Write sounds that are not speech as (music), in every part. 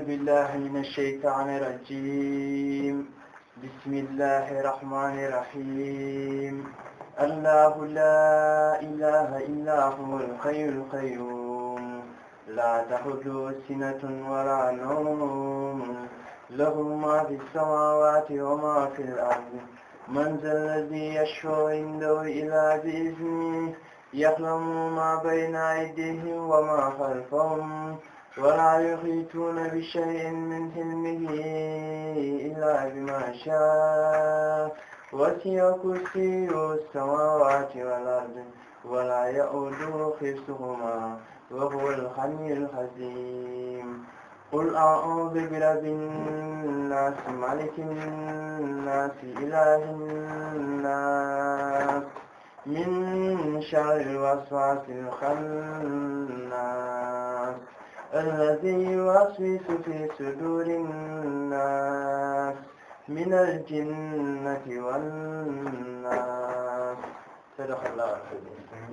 أعوذ بالله من الشيطان الرجيم بسم الله الرحمن الرحيم الله لا إله إلا هو الحي القيوم لا تأخذه سنة ولا نوم له ما في السماوات وما في الأرض من ذا الذي يشفع عنده إلا بإذنه يعلم ما بين أيديهم وما خلفهم ولا يحيطون بشيء من علمه إلا بما شاء وسع كرسيه السماوات والأرض ولا يؤوده حفظهما وهو الغني العظيم قل أعوذ برب الناس ملك الناس إله الناس من شر الوسواس الخناس الذي يوسوس في صدور الناس من الجنة والناس صدق الله العظيم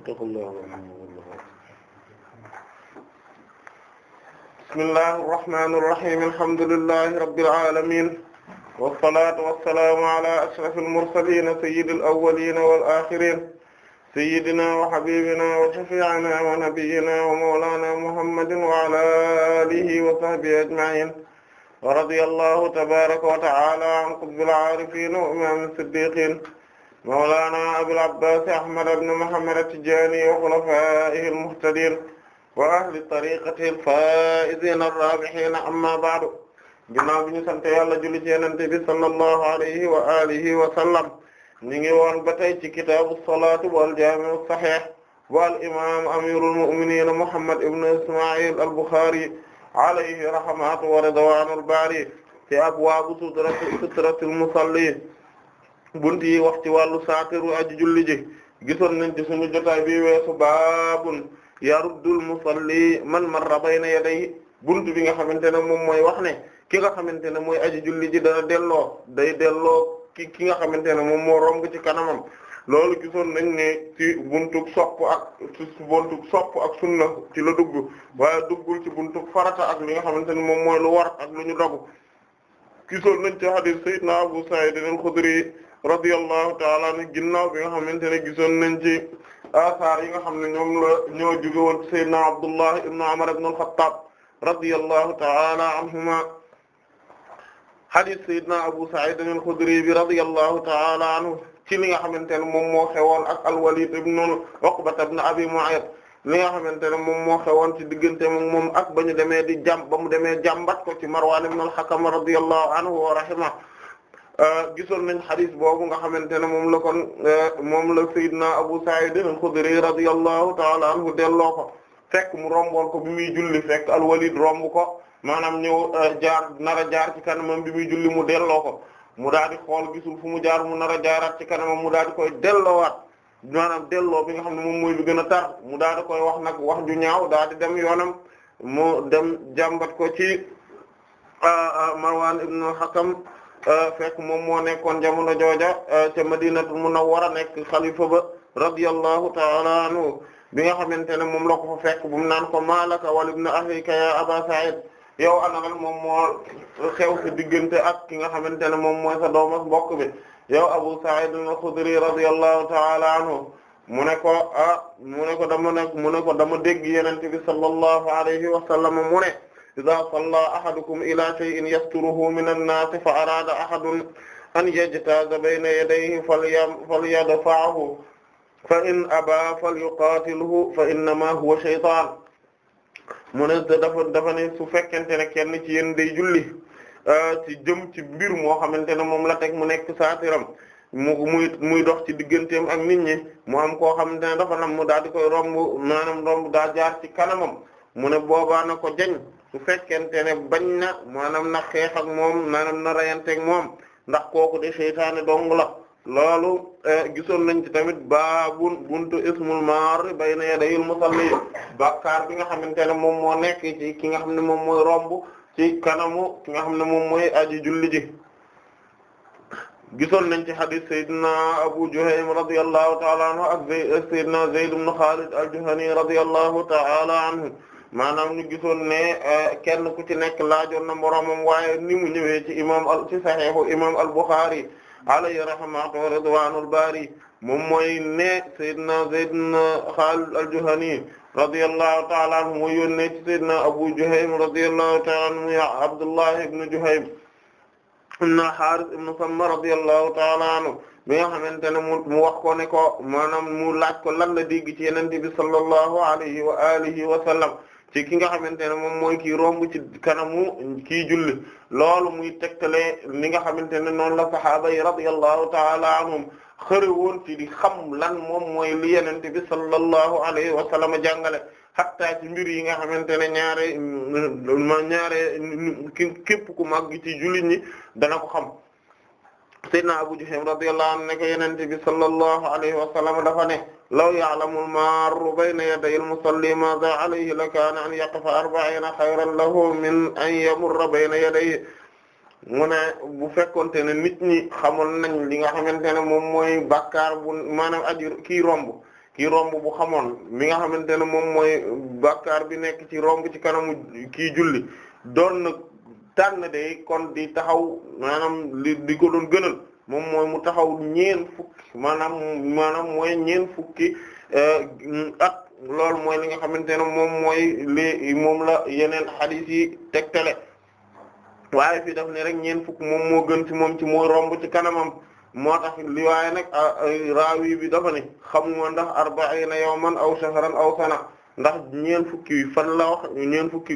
بسم الله الرحمن الرحيم الحمد لله رب العالمين والصلاة والسلام على أشرف المرسلين سيد الأولين والآخرين sayyidina wa habibina wa shafi'ina wa nabiyyina wa mawlana muhammadin wa ala alihi wa sahbihi ajma'in wa radiyallahu tabaraka wa ta'ala an qutbil arifin wa imam as-siddiqin mawlana abul abbas ahmad ibn muhammad at-tijani wa khulafa'ihi al-muhtadin wa ahli tariqatihi al-fa'izina ar-rabihina amma ba'du ginnaaw bi ñu sant yàlla julli ci Yonent bi sallallahu alayhi wa alihi wa sallam ñu ngi woon ba tey ci kitaabu salaat wal jaami' sahih wal imaam amirul mu'minin Muhammad ibn Isma'il al-Bukhari alayhi rahmatu wa ridwanul baari ci abwaabu sutratul musalli bunt yi wax ci wàllu saatiru aji julli ji gisoon nañ ci suñu jotaay bi weesu baabun yaruddul musalli man marra bayna yadayhi bunt bi nga xamante ne moom mooy wax ne ki nga xamante ne mooy aji julli ji dana delloo day dello ki ki nga xamante ne moom moo romb ci kanamam loolu gisoon nañ ne ci buntuk sopp ak ci buntuk sopp ak sunna ci la dugg waaye duggul ci buntuk farata ak li nga xamante ne moom mooy lu war ak lu ñu dogu gisoon nañ ci hadith sayyidina Abu Sa'id al-Khudri radiyallahu ta'ala anhu ginnaaw bi nga xamante ne gisoon nañ ci asaar yi nga xam ne ñoom la ñoo jóge woon ci sayyidina Abdullah ibn Umar ibn al-Khattab radiyallahu ta'ala anhuma hadith sayyidina Abu Sa'id al-Khudri bi radiyallahu ta'ala anhu ci li nga xamante ne moom moo xewoon ak al-Walid ibn Uqba ibn Abi Mu'ayt li nga xamante ne moom moo xewoon ci diggante moom ak ba ñu demee di jàm ba mu demee jàmbat ko ci Marwan ibn al-Hakam radiyallahu anhu wa rahimahu euh, gisoon nañ hadith boobu nga xamante ne moom la kon euh, moom la sayyidina Abu Sa'id al-Khudri radiyallahu ta'ala anhu delloo ko fekk mu romboon ko bi muy julli fekk al-Walid romb ko maanaam ñëw euh, jaar nar a jaar ci kanamam bi muy julli mu delloo ko mu daal di xool gisul fu mu jaar mu nar a jaaraat ci kanamam mu daal di koy delloowaat maanaam delloo bi nga xam ne moom muy lu gën a tar mu daal di koy wax nag wax ju ñaaw daal di dem yoonam mu dem jàmbat ko ci euh, euh, Marwan ibn hakam fekk moom moo nekkoon jamono jooja ca Madinatul Munawwara nekk xalifa ba radiyallahu ta'ala anhu bi nga xamante ne moom la ko fa fekk bu mu naan ko maalaka wal ibn ahika ya aba Sa'id yow ana lan moom moo xew sa diggante ak ki nga xamante ne moom mooy sa doom ak mbokk bi yow Abu Sa'id al-Khudri radiyallahu ta'ala anhu mu ne ko ah mu ne ko dama ne mu ne ko dama dégg Yonent bi sallallahu alayhi wa sallam mu ne idha salla ahadukum ila shay'in yasturuhu min an-nas fa arada ahadun an yajtaza bayna yadayhi falyadfa'hu fa in aba falyuqatilhu fa innama huwa shaytan mu ne dafa dafa ne su fekkente ne kenn ci yéen day julli euh, ci jëm ci mbir moo xamante ne moom la teg mu nekk saatiram mu muy muy dox ci digganteem ak nit ñi mu am koo xam ne dafa nam mu daal di koy romb maanaam romb daa jaar ci kanamam mu ne boobaa na ko jañ su fekkente ne bañ na maanaam na xeex ak moom maanaam na rayante moom ndax kooku de seytaane dong la loolu Eh, gisoon nañ ci tamit baabun buntu ismul maar bayna yadayil musalli bàkkaar bi nga xamante ne moom moo nekk ci ki nga xam ne moom mooy romb ci kanamu ki nga xam ne moom mooy aji julli ji gisoon nañ ci hadith sayyidina Abu Juhaym radiyallahu ta'ala anhu ak eh, sayyidina Zayd ibn Khalid al-Juhani radiyallahu ta'ala anhu maanaam ñu gisoon ne eh, kenn ku ci nekk laajoon na moroomam waaye ni mu ñëwee ci imam al ci alayhi rahmatu wa ridwanul bari moom mooy ne Seydina Zayd ibn Khalid al-Juhani radiyallahu ta'ala anhu mooy yónnee ci Seydina Abu Juhaym radiyallahu ta'ala anhu ya Abdullah ibn Juhaym ibn al-Harith ibn Samma radiyallahu ta'ala anhu mi nga xamante ne mu wax ko ne ko maanaam mu laaj ko lan la dégg ci Yonent bi sallallahu alayhi wa alihi wa sallam ci ki nga xamante ne moom mooy kii romb ci kanamu kii julli loolu muy tegtale li nga xamante ne noonu la sahaaba yi radiyallahu taala anhum xëre woon di xam lan moom mooy li yenente bi sallallahu alayhi wa sallam jàngale xattaa ci mbir yi nga xamante ne ñaare ma képp ku màgg ci jullit ñi dana ko xam sayyidina Abu Juhaym radiyallahu anhu ne ko yenente bi sallallahu alayhi wa sallam dafa ne law ya'lamul maarru bayna yadayil musalli maa za alayhi la kaana an yaqifa arba'iina xayran lahu min an yamurra bayna yadayhi mu ne bu fekkonte ne nit ñi xamoon nañ li nga xamante ne moom mooy bakkaar bu maanaam aji kii romb kii romb bu xamoon mi nga xamante ne moom mooy bàkkaar bi nekk ci romb ci kanamu kii julli doon na tànn de kon di taxaw maanaam li di ko doon mooy mu taxaw ñeen fukk maanaam maanaam mooy ñeent fukki eh, at loolu mooy li nga xamante ne moom mooy li moom la yeneen hadith yi tegtale waaye fii daf ne rek ñeent fukk moom moo gën ci moom ci mooy romb ci kanamam moo tax li waaye nag ah, raawi bi dafa ne xam nga ndax arba'iina yawman aw shahran aw sana ndax ñeent fukki fan la wax ñeent fukki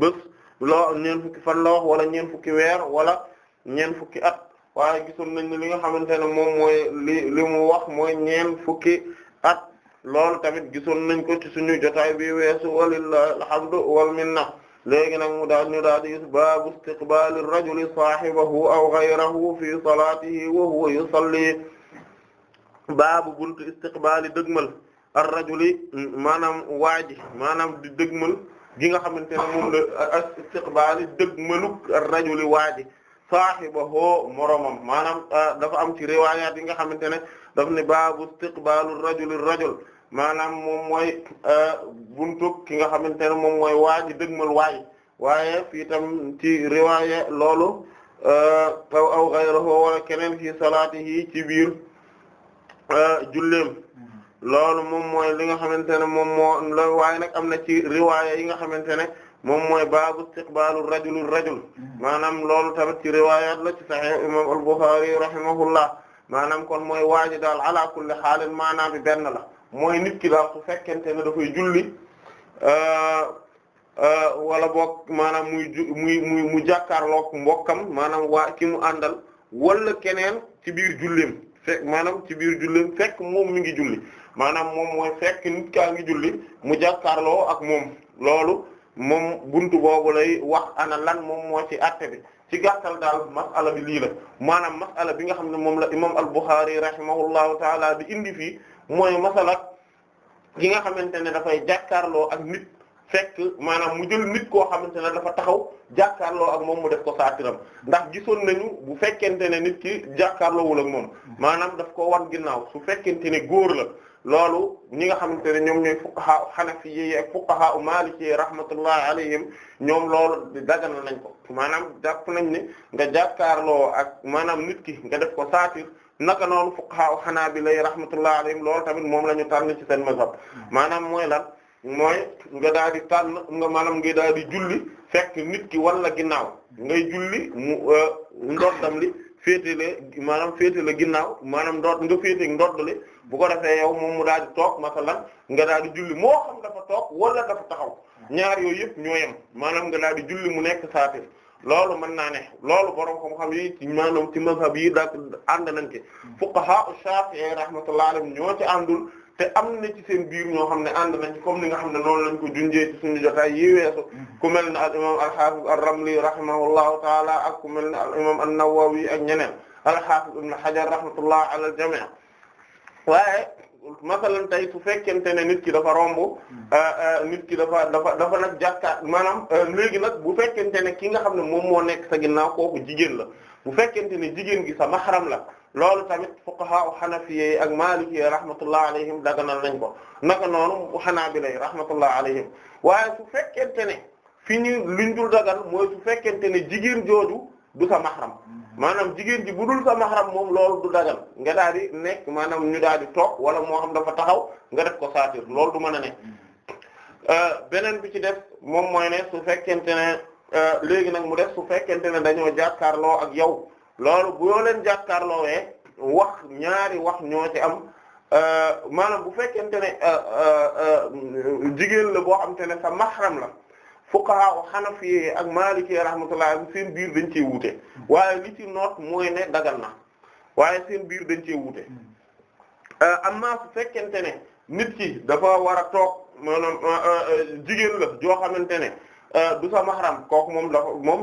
bés loo ñeent fukki fan la wax wala ñeent fukki weer wala ñeent fukki at waa gisoon nañ ne li nga xamante ne moom mooy li li mu wax mooy ñeent fukki at loolu tamit gisoon nañ ko ci suñu jotaay bi weesu walillahi alhamdu wal minna léegi nag mu daal ñu daal di gis baabu istiqbaali rajuli saahibahu aw ghayrahu fi salaatihi wa huwa yusalli baabu buntu istiqbaali dëgmal ar-rajuli maanaam waa ji maanaam di dëgmal gi nga xamante ne moom la istiqbaali dëgmaluk ar-rajuli waa ji saahibahu moromam maanaam euh, dafa am ci riwaayaat yi nga xamante ne daf ne baabu istiqbaalu rajuli rajul maanaam moom mooy euh, buntu ki nga xamante ne moom mooy waaji dëgmal waay waaye fii tam ci riwaaya loolu euh, aw aw ghayruhu wala keneen fi salaatihi ci biir julleem mm-hmm. loolu moom mooy li nga xamante ne moom moo waaye nag am na ci riwaaya yi nga xamante ne moom mooy baabu istiqbaalu rajuli rajul maanaam loolu tamit ci riwayat la ci sahih imam al-Bukhari rahimahullah maanaam kon mooy waaji daal ala kulli xaalin maanaam bi benn la mooy nit ki daal su fekkente ne dafay julli euh, euh, wala boog maanaam muy muy muy mu jàkkaarloog mbokkam maanaam waa ki mu àndal wala keneen ci biir jullim fekk maanaam ci biir jullim fekk moom mi ngi julli maanaam moom mooy fekk nit kaa julli mu jàkkaarloo ak moom loolu moom buntu boobu lay wax ana lan moom moo ci àtte bi ci gàttal daal mas'ala bi lii la maanaam mas'ala bi nga xam ne moom la imam al-Bukhari rahimahullahu taala bi indi fii mooy masala ki nga xamante ne dafay jàkkaarloo ak nit fekk maanaam mu jël nit koo xamante ne dafa taxaw jàkkaarloo ak moom mu def ko saatiram ndax gisoon nañu bu fekkente ne nit ki jàkkaarloowul ak moom maanaam daf ko wan ginnaaw su fekkente ne góor la loolu ñi nga xamante ne ñoom ñooy fuqaha xanafi yi ak fuqaha maliki yi rahmatullahi alayhim ñoom loolu daganal nañ ko maanaam jàpp nañ ni nga jàkkaarloo ak maanaam nit ki nga def ko saatir naka noonu fuqaha xanaabila yi rahmatullahi alayhim loolu tamit moom la ñu tànn ci seen mazhab maanaam mooy lan mooy nga daal di na nga maanaam nga daal di julli fekki nit ki walla ginnaaw ngay julli mu euh, ndoddam li féete la maanaam féete la ginnaaw maanaam ndoot nga féete ndoot li bu ko defee yow moom mu daal di toog masalan nga daal di julli moo xam dafa toog wala dafa taxaw ñaar yooyu yëpp ñoo yem maanaam nga daal di julli mu nekk saafir loolu mën naa ne loolu borom xam-xam yi ci maanaam ci mazhab yi daal ànd nañ ci fuqaha Shafi'i rahmatullahi alayhim ñoo ci àndul te am na ci seen biir ñoo xam ne ànd nañ ci comme ni nga xam ne noonu lañ ko junjee ci suñu jotaay yi mm-hmm. ku mel ne al imam al-Hafiz ar-Ramli rahimahullahu taala ak ku mel ne al imam an-Nawawi ak ñeneen al-Hafiz ibn Hajar rahmatullah ala al-jami' waaye masalan tey su fekkente ne nit ki dafa romb mm-hmm. euh, euh, nit ki dafa dafa dafa nag jàkkaat maanaam euh, léegi nag bu fekkente ne ki nga xam ne moom moo nekk sa ginnaaw kooku jigéen la bu fekkente ne jigéen gi sa mahram la loolu tamit fuqaha xanaa xanafiyé ak maliki rahmatullah alayhim daganal nañ ko naka noonu xanaabila rahmatullah alayhim waaye su fekkente ne fi ñu luñ dul dagal mooy su fekkente ne jigéen jooju du sa maxram maanaam jigéen ji bu dul sa mahram moom loolu du dagal nga daal di nekk maanaam ñu daal di toog wala moo xam dafa taxaw nga def ko saatir loolu du mën a ne euh, beneen bi ci def moom mooy ne su fekkente ne euh, léegi nag mu def su fekkente ne dañoo jàkkaarloo ak yow loolu boo leen jàkkaarloowee wax ñaari wax ñoo ci am euh, maanaam bu fekkente ne euh, euh, jigéen la boo xamante ne sa mahram la fuqaha hanafi ak maliki rahmatullah seen biir dañ cee wuute waaye li ci noot mooy ne dagal na waaye seen biir dañ cee wuute hmm. amma su fekkente ne nit ki dafa war a toog maanaam jigéen la joo xamante ne du sa mahram kooku moom dafa moom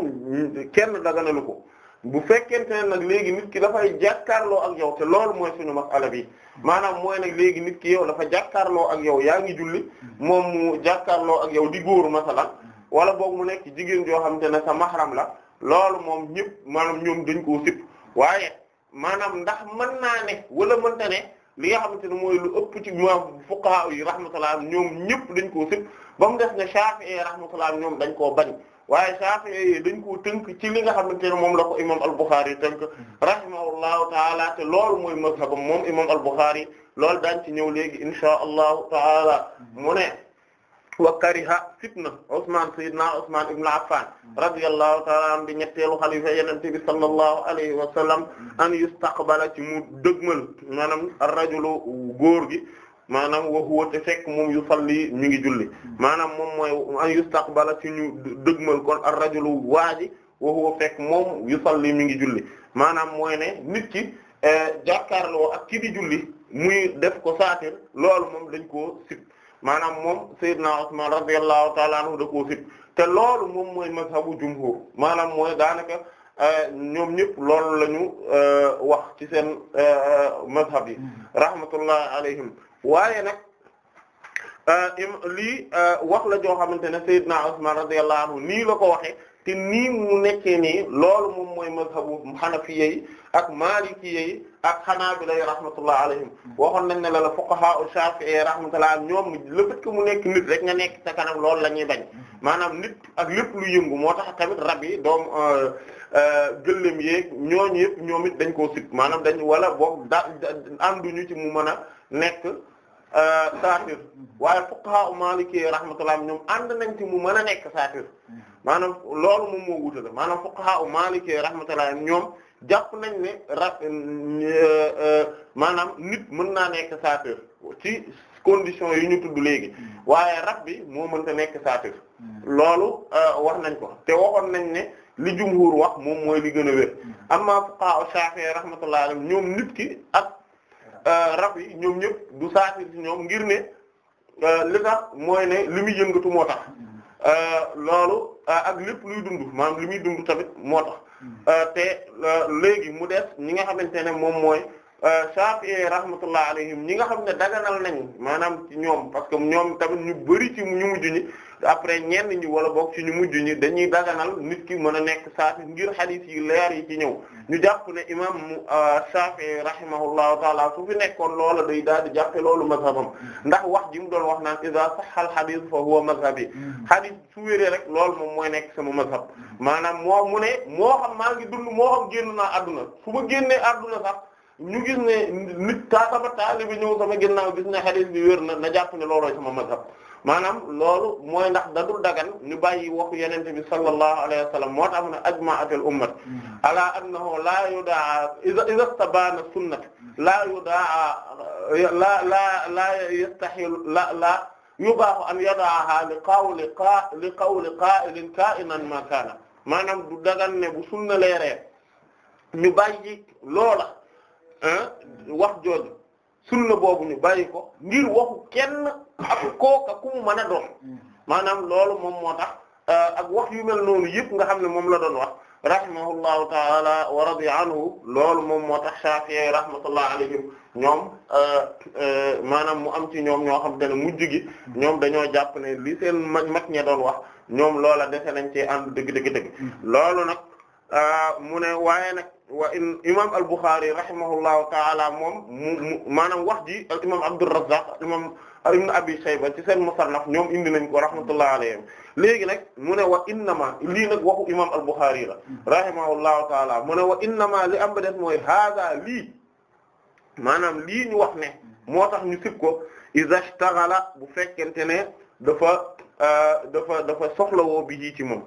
kenn daganalu ko bu fekkente ne nag léegi nit ki dafay jàkkaarloo ak yow te loolu mooy suñu masala bi maanaam mooy nag léegi nit ki yow dafa jàkkaarloo ak yow yaa ngi julli moom mu jàkkaarloo ak yow di góor masalan wala boog mu nekk jigéen joo xamante ne sa mahram la loolu moom ñëpp maanaam ñoom dañ ko sip waaye maanaam ndax mën naa ne wala mënta ne li nga xamante ne mooy lu ëpp ci ma fuqaha yi rahmatullah ñoom ñëpp dañ koo sip ba mu def ne Shafi'i rahmatullah ñoom dañ koo bañ waaye Shafi'i yi dañ koo tënk ci li nga xamante ne moom la ko imam al-Bukhari yi tënk rahimahullahu taala te loolu mooy mazhabam moom imam al lool loolu daañ ci ñëw léegi inshaa allahu taala mu ne wa kariha fitna Usman sayyidina Usman ibn Affan radiyallahu taala an di wa sallam an yustaqbala ci mu dëgmal maanaam ar-rajulu góor gi maanaam wa huwa te fekk moom yusalli mi ngi julli maanaam moom mooy an yustaqbala ci ñu dëgmal kon ar rajulu waaji wa huwa fekk moom yusalli mi ngi julli maanaam mooy ne nit ki eh, jàkkaarloo ak ki di julli muy def ko saatir loolu moom dañ ko sib maanaam moom sayyidna Usman radiyallahu ta'ala anhu da koo sib te loolu moom mooy mazhabu jumhur maanaam mooy daanaka eh, ñoom ñëpp loolu la ñu eh, wax ci seen mazhab yi mm-hmm. rahmatullah alayhim waaye nag euh, lii euh, wax la joo xamante ne Seydina Usman radiyallahu anhu nii la ko waxee te nii mu nekkee nii loolu moom mooy mazhabu Hanafi yi ak Maliki yi ak Hanabila yi rahmatullah alayhim waxoon nañ ne la la fuqaha Shafi'i rahmatullah ñoom le fait que mu nekk nit rek nga nekk sa kanam loolu la bañ maanaam nit ak lépp lu yëngu moo tax tamit rab yi doom euh, gëléem yeeg ñooñu yëpp ñoom dañ koo sit maanaam dañ wala boog da anduñu ci mu mën a nekk euh, saatir waaye fuqaha maliki rahmatullah ñoom ànd nañ ti mu mën a nekk saatir maanaam loolu moom moo wutale maanaam fuqaha maliki rahmatullah ñoom jàpp nañ ne ra euh, euh, maanaam nit mën naa nekk saatir ci condition yi ñu tudd léegi waaye rab bi moo mënta nekk saatir loolu wax nañ ko te waxoon nañ ne li jumhur wax moom mooy li gën a wér amma fuqaha shafi'i rahmatullah ñoom nit ki ak Euh, rab yi ñoom ñëpp du saatir ci ñoom ngir ne euh, li tax mooy ne li muy yëngatu moo tax euh, loolu ak lépp luy dund maam li muy dund tamit moo tax te léegi mu des ñi nga xamante ne moom mooy Shafi'i rahmatullah alayhim ñi nga xam ne daganal nañu maanaam ci ñoom parce que ñoom tamit ñu bëri ci ñu mujj ñi après ñenn ñi wala boog ci ñu mujj ñi dañuy daganal nit ki mën a nekk saati ngir xadis yi leer yi ci ñëw mm. ñu jàpp ne imam euh, Shafi'i rahimahullahu taala su fi nekkoon lool day daal di jàppe loolu mazhabam mm. ndax wax ji mu doon wax naan iza sahal hadith fa huwa mazhabi hadith mm. su wéree rek loolu moom mooy nekk sama mazhab maanaam moo mu ne moo xam maa ngi dund moo xam génn naa adduna su ma génnee adduna sax ñu gis ne nit taa sama taalibi ñëw sama ginnaaw gis ne hadith bi na na jàpp ne looloo sama mazhab maanaam loolu mooy ndax da dul dagan ñu bàyyi waxu yenente bi sallallahu alayhi wa sallam moo tax mu ne ajma'atul ummat mm-hmm. ala annahu la yudaa idha istabana sunnat la yudaa la la la yastahil la la yubaahu an yadaaha li qawli qa li qawli qa'ilin ka'inan ma kana maanaam du dagan ne bu sunna leeree ñu bàyyi loola eh, wax jooju sulla boobu ñu bàyyi ko ngir waxu kenn a kooka ku mu mën a doon mm-hmm. maanaam loolu moom moo tax uh, ak wax yu mel noonu yëpp nga xam ne moom la doon wax rahimahullahu taala wa radiya anhu loolu moom moo tax Shafi'i rahmatullahi alayhim ñoom uh, uh, maanaam mu am ci ñoom ñoo xam te ne mujj gi mm-hmm. ñoom dañoo jàpp ne li seen mag mag ña doon wax ñoom loola dese nañ ci ànd dëgg dëgg dëgg loolu nag mu ne waaye nag wa in imaam al-Bukhari rahimahullahu ta'ala moom mu maanaam wax ji al imaam Abdurrazzaq imaam ibn Abi Shayba ci seen musannaf ñoom indi nañ ko rahmatullahi alayhim léegi nag mu ne wa innama lii nag waxu imaam al-Bukhari la rahimahullahu ta'ala mu ne wa innama li am ba des mooy haaza lii maanaam lii ñu wax ne moo tax ñu sib ko iza ishtaghala bu fekkente ne dafa euh, dafa dafa soxlawoo bi ji ci moom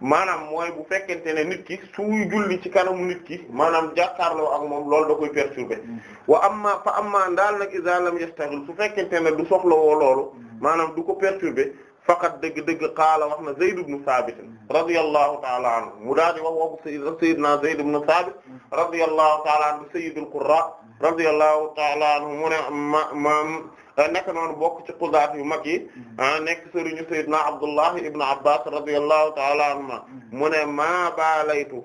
maanaam mooy bu fekkente ne nit ki suy julli ci kanamu nit ki maanaam jàkkaarloo ak moom lool da koy perturber mm-hmm. wa amma fa amma ndaal nag iza lam yastaghil su fekkente ne du soxla woo loolu mm-hmm. maanaam du ko perturber faqat dëgg-dëgg qaala wax na Zayd ibn Thabit mm-hmm. radiyallahu ta'ala anhu mu daal di wax waxu sayyidina Zayd ibn Thabit radiyallahu ta'ala anhu sayyidul qurra radiyallahu ta'ala anhu mu Euh, naka noonu bokk ci xudaat yu mag yi mm-hmm. ah, nekk sëriñu sayyidna Abdullah ibn Abbas ta ta'ala anhuma mm-hmm. mu ne maa baalaytu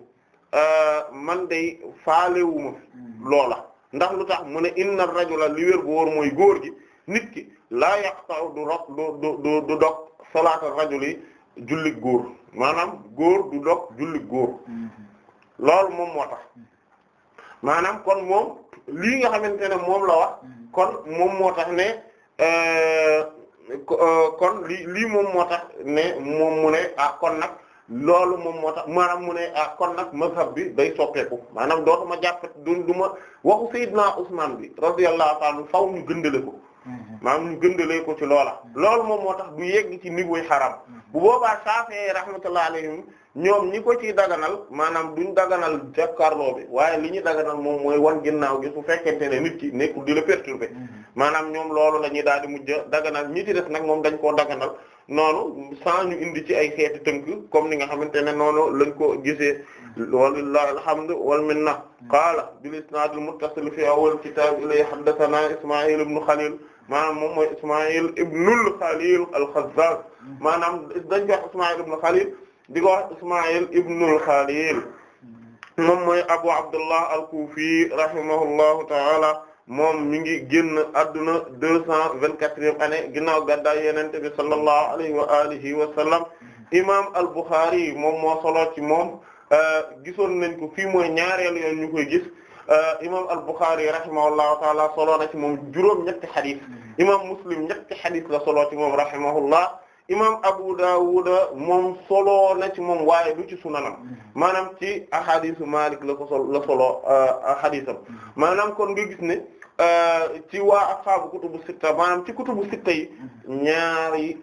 euh, man day faalewuma mm-hmm. loola ndax lu tax mu ne inna rajula li wér bu wóor góor gi nit ki laa yaqta'u du rok du du du dog salaata rajuli jullit góor maanaam góor du dog jullit góor loolu moom moo tax kon moom lii nga xamante ne moom la wax kon moom moo tax ne euh, euh, kon lii lii moom moo tax ne moom mu ne a ah, kon nag loolu moom moo tax maanaam mu ne a ah, kon nag mazhab bi day soppeeku maanaam dootuma jàpp du du ma waxu Seydina Usmaan bi radiyallahu ta'ala faw ñu gëndale ko mhm. maanaam ñu gëndalee ko ci loola mhm. loolu moom moo tax du yegg ci niveau yi xaram mhm. bu boobaa Shafi'i rahmatullahi alayhim ñoom ñi ko ciy daganal maanaam ñu daganal jàkkaarloo bi waaye li ñuy daganal moom mooy wan ginnaaw gi su fekkente ne nit ki nekkul di la perturber mm-hmm. maanaam ñoom loolu la daal di mujj daganal ñi ci des nag moom dañ koo daganal noonu sans ñu indi ci ay xeeti tënk comme ni nga xamante ne noonu lañ ko gisee walillahi alhamdu wal minna mm-hmm. qaala bil isnaad al muttasil fi awwal kitaab ilay haddathana isma'il ibn khalil maanaam moom mooy isma'il ibnul khalil al khazzaz mm-hmm. maanaam dañ ko wax isma'il di ko wax Ismaïl ibnul Khalil moom mooy Abu Abdullah al-Kufi rahimahullahu ta'ala moom mi ngi génn adduna deux cent vingt-quatrième année ginnaaw gàddaay yenente bi sallallahu alayhi wa alihi wa sallam imam al moom moo solo ci moom euh, gisoon nañ ko fii mooy ñaareel yoon ñu koy gis euh, imam al-Bukhari rahimahullahu taala solo na ci moom juróom ñetti xadis imam Muslim ñetti xadis la solo ci moom rahimahullah imam Abu Dawud moom solo na ci moom waaye du ci sunanam mm-hmm. maanaam ci ahadisu Malik la ko sol la solo uh, ahadisam mm-hmm. maanaam kon nga gis ne uh, ci waa ashaabu kutubu sitta maanaam ci kutubu sitta yi mm-hmm. ñaari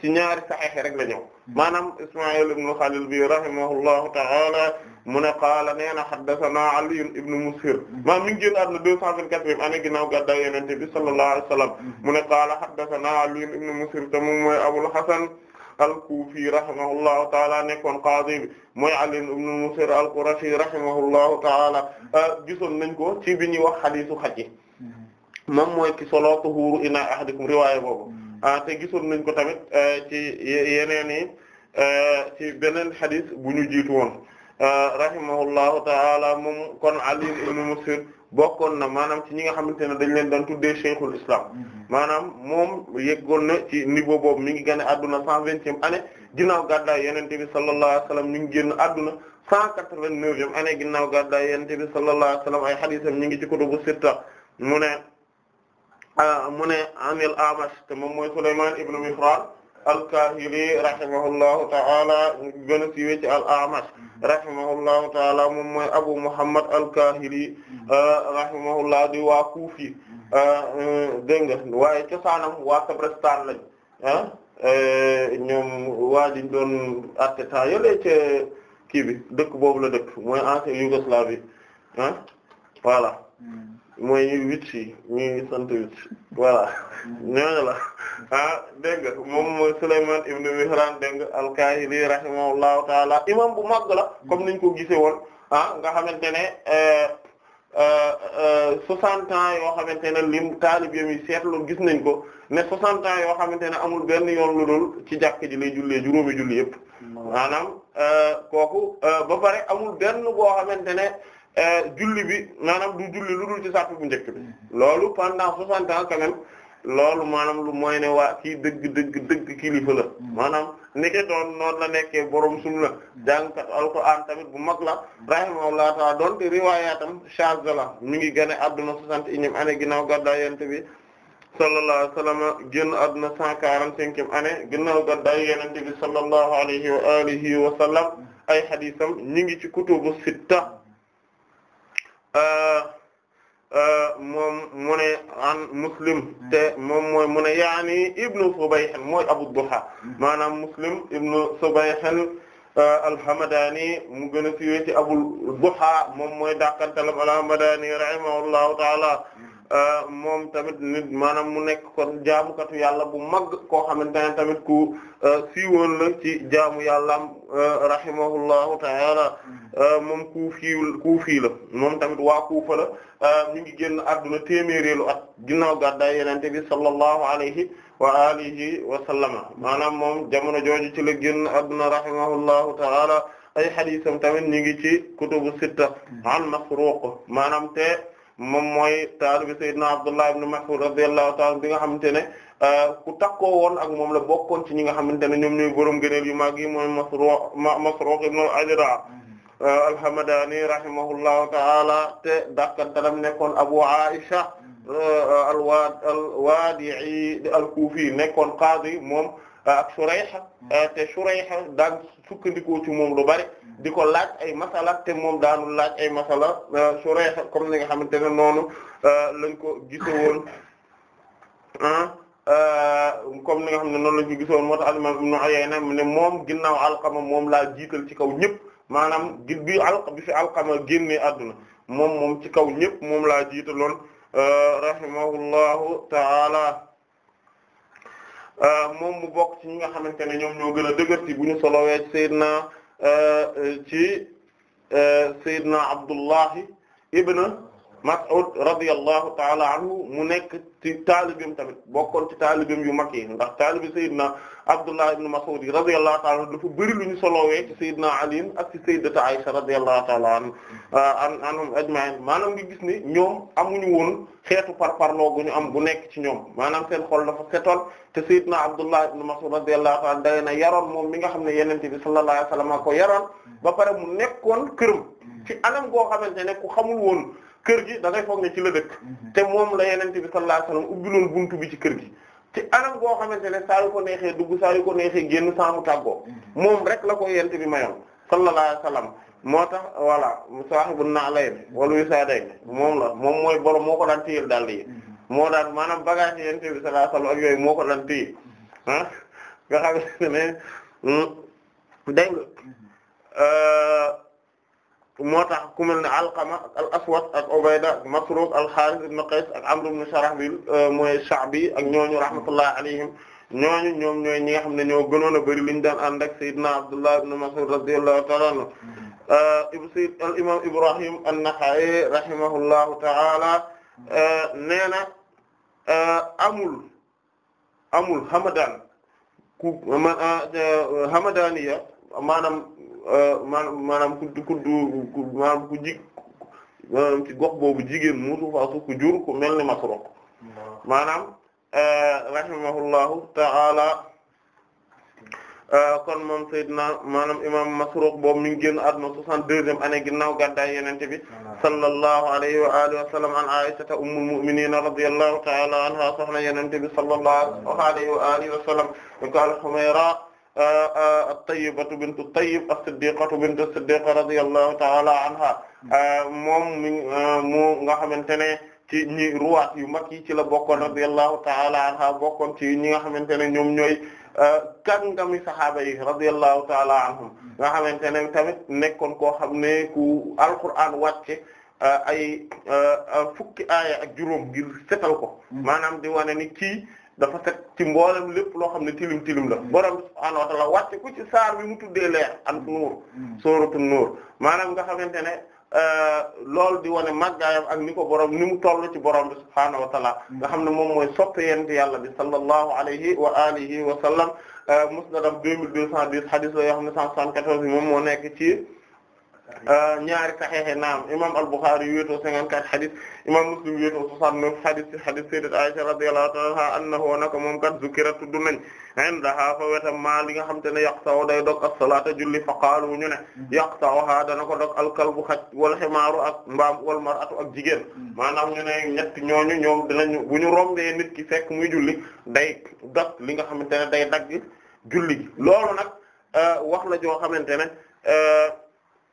ci ñaari saxiix rek la ñëw maanaam Isma'il ibn Khalil bi rahimahullahu ta'ala mu ne qaala nee na haddathana Ali ibn Mushir maa mi ngi jël àdduna deux cent vingt-quatrième année ginnaaw gàddaay Yonent bi sallallahu alayhi wa sallam mu ne qaala haddathana Ali ibn Mushir te moom mooy Abul Hasan al-Kufi rahimahullahu ta'ala nekkoon qaadi bi mooy Ali ibn Mushir al-Qurashi rahimahullahu ta'ala ah, gisoon nañ ko ci bi ñuy wax hadiisu xaj yi mm-hmm. moom mooy ki solo tuhuuru inaa ahadikum riwaaya boobu Ah, te gisoon nañ ko tamit eh, ci yeneen i eh, ci beneen xadis bu ñu jiitu woon eh, rahimahullahu ta'ala moom kon Ali ibn Musir bokkoon na maanaam ci ñi nga xamante ne dañ leen daan tuddee cheikhul islam mm-hmm. maanaam moom yeggoon na ci niveau boobu mi ngi génn adduna cent vingtième année ginnaaw gàddaay yonent bi sallallahu alayhi wa sallam mi ngi génn adduna cent quatre-vingt-neuvième ginnaaw gàddaay yonent bi sallallahu alayhi wa sallam ay hadisam ñi ngi ci kutubu sitta mu ne Euh, mu ne anil Amash te moom mooy Sulaymaan ibn Mihran al-Kahili rahimahullahu ta'ala gën a siiwee ci al moom mooy Abu Muhammad al-Kahili euh, rahimahullah di waa Kufi euh, dégg nga waaye cosaanam waa Tabaristan lañ ah ñoom waa liñ doon àtte temps yële ca kii bi dëkk boobu la dëkk mooy ancien Yougoslavie ah hmm. mooy ñu wicc yi ñu sant wicc la ah moom mooy Sulaymaan ibnu Mihraan dégg nga al-Kaahili rahimahullahu taala imam bu mag la comme niñ ko gisee woon ah nga xamante ne euh, euh, euh, soixante ans yoo xamante ne lim taalibeem yi seetlu gis nañ ko ne soixante ans yoo xamante ne amul benn yoon lu dul ci jàkk ji lay jullee juróomi julli yëpp maanaam kooku ba pare amul benn boo xamante ne Euh, julli bi maanaam du julli lu dul ci sàpp bu njëkk bi loolu pendant soixante ans quand loolu maanaam lu mooy ne waa kii dëgg dëgg dëgg kilifa la maanaam nekke doon noonu la nekkee borom suñu la jàngkat alquran tamit bu mag la rahimahullah taala doon te riwaayaatam charge la mi ngi gane adduna soixante et unième année ginnaaw gàddaay yonent bi sallallahu alayhi wa sallam adduna cent quarante-cinquième année ginnaaw gàddaay yonent bi sallallahu alayhi wa alihi wa sallam ay hadisam ñi ngi ci kutubu sitta Euh, euh, moom mu ne an muslim te moom mooy mu ne yaani ibnu Subayh mooy Abu Duha maanaam muslim ibnu Subayh euh, al-Hamadani mu gën a siiwee ci Abu Duha moom mooy dàqantalam al-Hamadani rahimahullahu ta'ala Euh, moom tamit nit maanaam mu nekk kon jaamukatu yàlla bu mag koo xamante ne tamit ku euh, siiwoon la ci jaamu yàllaam euh, rahimahullahu ta'ala mm-hmm. moom kuufi kuufi la moom tamit waa kuufa la mi ngi génn adduna téeméeréelu at ginnaaw gàddaay yenente bi sallallahu alayhi wa alihi wa sallama maanaam moom jamono jooju ci la génn adduna rahimahullahu ta'ala ay hadisam tamit ñu ngi ci kutubu sitta mm-hmm. an Masruq maanaam te moom mooy taalibi Seydina Abdullah ibn Mas'ud radiyallahu ta'ala bi nga xamante ne euh, ku takkoo woon ak moom la bokkoon ci ñi nga xamante ne ñoom ñooy borom gëneel yu mag yi mooy Masruq Masruq ibn al-Ajda' euh, al-Hamadani rahimahullahu ta'ala te dakkantalam nekkoon Abu Aisha euh, alwa al-Wadi'i al-Kufi nekkoon qaadi moom ak Shurayh te Shurayh daan sukkandikoo ci moom lu bari di ko laaj ay masala te moom daanul laaj ay masala euh, sureh comme ni nga xamante ne noonu euh, lañ ko gisewoon euh, comme ni nga xam ne noonu lañ ko gisewoon moo tax al-imam Ibn moom ginnaaw Alqama moom laa jiital ci kaw ñëpp maanaam gi bi alq bi fi Alqama génnee adduna moom moom ci kaw ñëpp moom laa jiitaloon rahimahullahu taala Euh, moom mu bokk ci ñi nga xamante ne ñoom ñoo gën a dëgër ci bu ñu solowee Seydina euh, ci euh, Seydina Abdullahi Ibn Mas'ud radiyallahu taala anhu mu nekk ci taalibim tamit bokkoon ci taalibim yu mag yi ndax taalibi Seydina Abdullah ibn Mas'ud radiyallahu ta'ala anhu dafa bëri lu ñu solowee ci Seydina Ali ak ci Sayyidata Aisha radiyallahu ta'ala uh, anhum maa maanaam nga gis ni ñoom amuñu woon xeetu parparloo gu ñu am bu nekk ci ñoom maanaam seen xol dafa setoon te Seydina Abdullah ibn Mas'ud radiyallahu ta'ala day na yaroon moom mi nga xam ne Yonent bi sallallahu alayhi wa sallam ko yaroon ba pare mu nekkoon këram ci anam goo xamante ne ku xamul woon kër gi da ngay foog ne ci la dëkk mm-hmm. te moom la Yonent bi sallallahu alayhi wa bi ci kër gi ci anam goo xamante ne saa ko neexee dugg saa yu ko neexee génn saa mu mm-hmm. moom rek la ko yent bi mayoon sallallahu wasallam moo tax voilà saahibu na'layn wal wisadayn moom la moom mooy borom moo ko daan téyel daal yi mm-hmm. moo daan maanaam bagage yent bi sallallahu alayhi wasallam yooyu moo ko daan téye mm-hmm. ah nga xamante ne mm, dégg nga euh, moo tax ku mel ne Alqama al Aswad ak Ubayda ak Masruq al Harith ibn Qays ak Amr ibn Sharahbil euh, mooy Sha'bi ak ñooñu rahmatullahi alayhim ñooñu ñoom ñooy ñi nga xam ne ñoo gënoon a bëri li ñu daan ànd ak Seydina Abdullah ibn Mas'ud radiyallahu ta'ala anhu euh, al imam Ibrahim an-Nakha'i rahimahullahu ta'ala euh, nee na amul amul Hamadan ku Hamadaniya maanaam. Euh, maanaam ku ku ku maanaam ku ji maanaam ci gox jigéen muusu faa su ku jur ku mel ni Masruq maanaam euh, rahimahullahu ta'ala euh, kon moom Seydina maanaam imam Masruq boobu mi ngi génn àdduna 62e année ginnaaw gàddaay Yonent bi sallallahu alayhi wa alihi an Aisha ummul mu'minin radiyallahu ta'ala anha soxna Yonent bi sallallahu alayhi wa alihi wa ko al-Humayra at-Tayyibatu bintu at-Tayyib as-Siddiqatu bintu as-Siddiq radiyallahu ta'ala anha moom mu nga xamante ne ci ñi ruwaat yu mag yi ci la bokkoon radiyallahu ta'ala anha bokkoon ci ñi nga xamante ne ñoom ñooy kàngami saxaaba yi radiyallahu ta'ala anhum nga xamante ne tamit nekkoon koo xam ne ku alquran wàcce ay fukk aaya ak juróom ngir setal ko mm. maanaam di wane ni kii dafa set ci mboolem lépp loo xam ne tilim tilim la borom subhaanahu wa ta'aala wàcce ku ci saar bi mu tuddee leer an nuur sóoratu nuur maanaam nga xamante ne euh, loolu di wane màggaayam ak ni ko borom ni mu toll ci borom bi subhaanahu wa nga xam ne moom mooy sopp yent yàlla bi sallallahu alayhi wa alihi wa sallam euh, musnadam 2210 hadith la yoo xam ne 174 bi moom moo nekk ci Euh, ñaari saxiix naam imam al-Bukhari wéetoo 54 xadis imam Muslim wéetoo 69 xadis ci xadis sayyidat Aisha radiyallahu ta'ala anha annahu naka moom kat zukira tudd nañ indaha fa wetam maa li nga xam te ne yaqta'u day dog as-salaata julli fa qaalu ñu ne mm-hmm. yaqta'uha dana ko dog al-kalbu xaj wal ximaaru ak mbaam wal mar'atu ak jigéen mm-hmm. maanaam ñu ne ñett ñooñu ñoom dinañu bu ñu rombee nit ki fekk muy julli day dog li nga xamante ne day dagg julli gi loolu nag euh, xamante ne euh,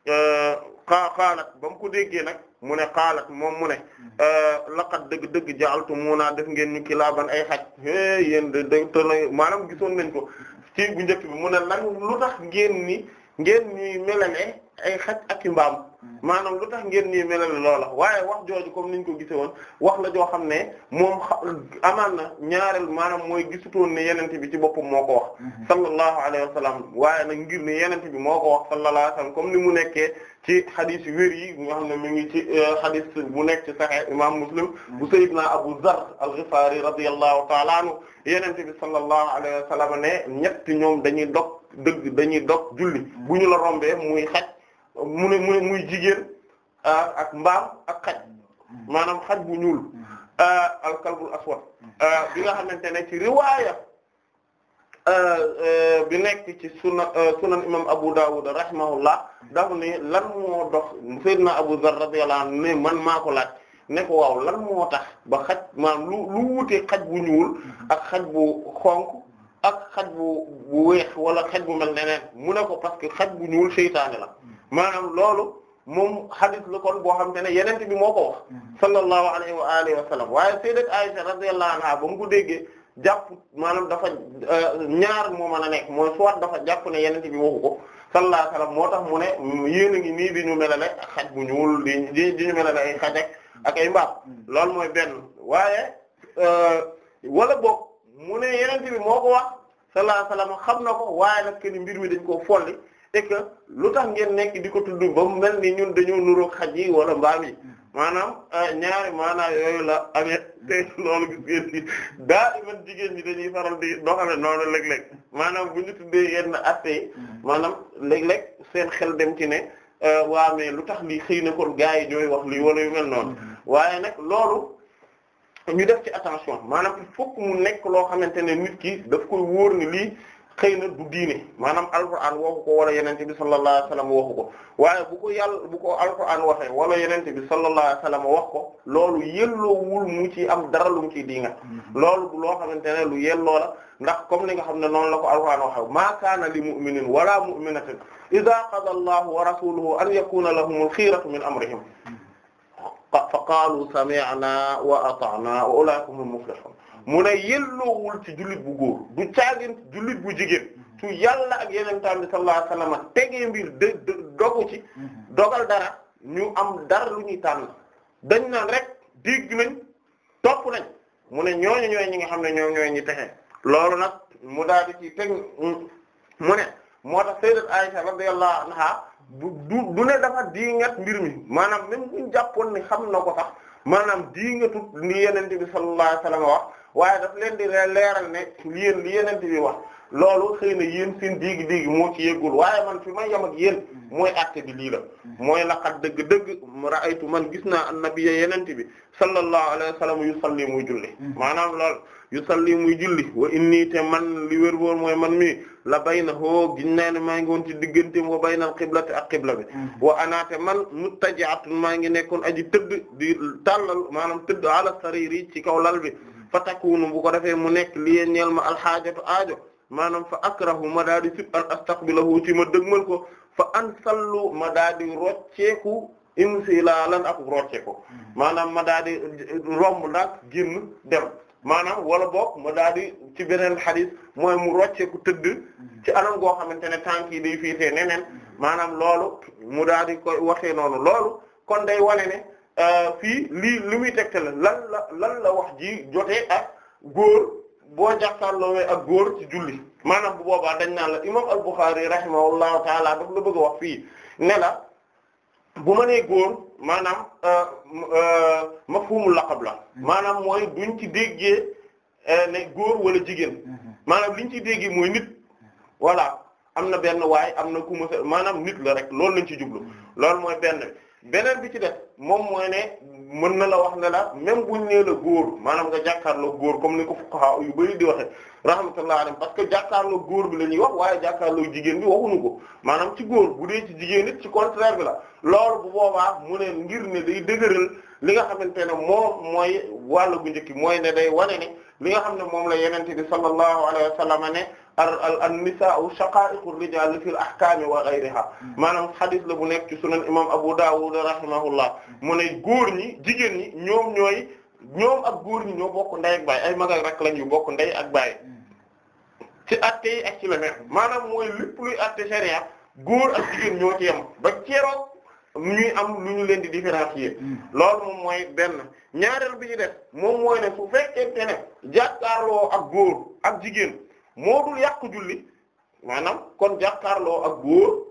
Euh, xaalat ba mu ko déggee nag mu ne xaalat moom mu ne euh, laqad dëgg dëgg jaaltu muunaa def ngeen ñu kilaaban ay xaj é yéen d to tëla maanaam gisoon nañ ko ci bu njëkk bi mu ne lan lu tax ngeen ni ngeen ñuy melale ay xaj ak i mbaam maanaam lu tax ngeen nii melal loola waaye wax jooju comme niñ ko gise woon wax la joo xam ne moom amaan na ñaareel maanaam mooy gisutoon ne yenente bi ci boppam moo ko wax mhm. sallallahu alayhi wa sallam waaye nag ngir ne yenente bi moo ko wax sallallahu alayhi comme ni mu nekkee ci xadis yu yi nga xam ne mu ngi ci euh, xadis bu nekk ci Sahih imam Muslim mhm. bu sayyidina Abu Zar al-Ghifari radiyallahu ta'ala anhu yenente bi sallallahu alayhi wa sallam ne ñetti ñoom dañuy dog dëgg dañuy dog julli mhm. bu ñu la rombee muy xaj mu ne mu ne muy jigéen ah, ak mbaam ak xaj mm-hmm. maanaam xaj bu ñuul mm-hmm. ah, al kalbul aswad mm-hmm. ah, bi nga xamante ne ci riwaaya bi nekk ci sunan sunan imam Abu Dawud rahimahullah daf ne lan moo dox Seydina Abu Zar radiyallahu ne ko laaj ne ko moo tax ba xaj maanaam lu lu wuutee xaj bu ñuul ak xaj bu xonq ak xaj bu bu weex wala xaj bu mel neneen mu ne ko parce que xaj bu ñuul seytaane la maanaam loolu moom hadith la boo xam te ne yeneen bi moo ko wax mm-hmm. sallallahu alayhi wa alihi wa sallam waaye sayyidat Aisha radiyallahu anha ba mu ko déggee jàpp maanaam dafa euh, ñaar moo mën a nekk mooy soit dafa jàpp ne yeneen bi waxu ko sallallahu alayhi wa sallam moo tax mu ne a ngi nii di ñu melale xaj bu ñuul di di ñu melale ay xaj ak ay mbaam mm-hmm. loolu mooy benn waaye euh, wala boog mu ne yeneen bi moo ko wax sallallahu xam na ko waaye nag ke mbir mi dañ koo folli c'est que lu tax ngeen nekk di ko tudd ba mu mel ni ñun dañoo nuru xaj yi wala mbaam yi maanaam euh, ñaari maanaam yooyu la amee te loolu gis ngeen ci daa iman jigéen ñi dañuy faral di doxale noonu léeg-léeg maanaam bu ñu tuddee yenn atte yi maanaam léeg-léeg seen xel dem ci ne euh, waa mais lu tax lii xëy na kon gars yi ñooy wax lii wala yu mel noonu waaye nag loolu ñu def ci attention maanaam il mu nekk loo xamante ne nit ki daf koy wóor ni lii xëy na du diine maanaam alquran waxu ko wala yenente bi sallallahu alayhi wasallam waxu ko waaye bu ko yàlla bu ko alquran waxee wala yenente bi sallallahu alayhi wasallam wax ko loolu yelloowul mu ci am dara lu mu ciy diinga mm-hmm. loolu du loo xamante ne lu yelloo la ndax comme li nga xam ne noonu la ko alquran waxee maa kaana li mu'minin wala mu'minatin idha qada allahu wa rasuluhu an yakuna lahumul khiyaratu min amrihim mm-hmm. fa qaalu sami'na wa ata'na wa ulaika humul muflihun mu ne yelloowul ci jullit bu góor du caagin jullit bu jigéen su yàlla ak yeneen tamit sallallahu alayhi wasallam tegee mbir de dogu ci mhm. dogal dara ñu am dar lu ñuy tànn dañ naan rek dégg nañ topp nañ mu ne ñooñu ñooy ñi nga xam ne ñoom ñooy texe loolu nag mu daal di ci teg mu ne moo tax sayyidat Aisha radiyallahu anha du du ne dafa diingat mbir mi maanaam même buñ jàppoon ni xam na ko sax maanaam diingatul li yeneen bi sallallahu alayhi wasallam wax waaye daf leen di leeral ne yéen li yeneen bi wax loolu xëy na yéen seen diigi-diigi moo ci yeggul waaye man fi ma yem ak yéen mooy acte bi lii la mooy laqat dëgg-dëgg ra'aytu man gis naa annabiyya yeneen bi sallallahu alayhi wa sallam yusalli muy julli maanaam lool yusalli muy julli wa inni te man li mooy man mi la baynahu gis naa ne maa ngi woon ci digganteem wa baynal qiblati ak qibla bi wa anaate man muttaji'atun maa ngi nekkoon aji tëdd di tàllal maanaam tëdd ala sariri ci kaw lal fa takunu bu ko defee mu nekk liye ñeel ma alxaajatu aajo maanaam fa akrahu ma daa di sib an astaqbilahu ci ma dëgmal ko fa an sallu ma daa di rocceeku insilaalan ak rocceeku hmm. maanaam ma daa romb ndax génn dem maanaam wala boog ma daa di ci beneen xadis mooy mu rocceeku tëdd hmm. ci anam goo xamante ne tànk yi day fiitee neneen hmm. maanaam loolu mu daa di koy waxee noonu loolu kon day wane Euh, fii lii li muy tegtale lan la lan la wax ji jotee ak góor boo jàkkaarloo ak góor ci julli maanaam bu boobaa dañ naan la imam al-Bukhari rahimahullahu taala daf la bëgg a wax fii ne la bu ma nee góor maanaam euh, euh, mafhumul laqab la mhm. maanaam mooy duñ ci déggee ne góor wala jigéen mhm. maanaam liñ ci déggee mooy nit wala am na benn waay am na ku ma maanaam nit la rek loolu lañ ci jublu mhm. loolu mooy benn beneen bi ci def moom mooy ne mën na la wax ne la même buñ nee la góor maanaam nga jàkkaarloo góor comme ni ko fuqaha yu bari di waxe rahmatullah alayhi parce que jàkkaarloo góor bi la ñuy wax waaye jàkkaarloo jigéen bi waxuñu ko maanaam ci góor bu dee ci jigéen it ci contraire bi la loolu bu boobaa mu ne ngir ne day dëgëral li nga xamante ne moom mooy wàll gu njëkk mooy ne day wane li nga xam ne moom la yenente bi sallallahu alayhi wa sallam ne al al nisaa'u shaqaa'iqu rijaal fil ahkaami wa ghayrihaa mm. maanaam hadith la bu nekk ci sunan imam Abu Dawud rahimahullah mm. mu ne góor ñi jigéen ñi ñoom ñooy ñoom ak góor ñi ñoo bokk ndey ak baay ay mag ak rak lañ yu bokk ndey ak baay mm. ci atte yi ak ci la maanaam mooy lépp luy atte sharia góor ak jigéen ñoo ci yem ba ceeroog ñuy am lu ñu leen di différencier lool moom mooy benn ñaareel bi ñu mooy ne su fekkente ne jàkkaarloo ak góor ak jigéen. moo dul yàqu julli maanaam kon jàkkaarloo ak góor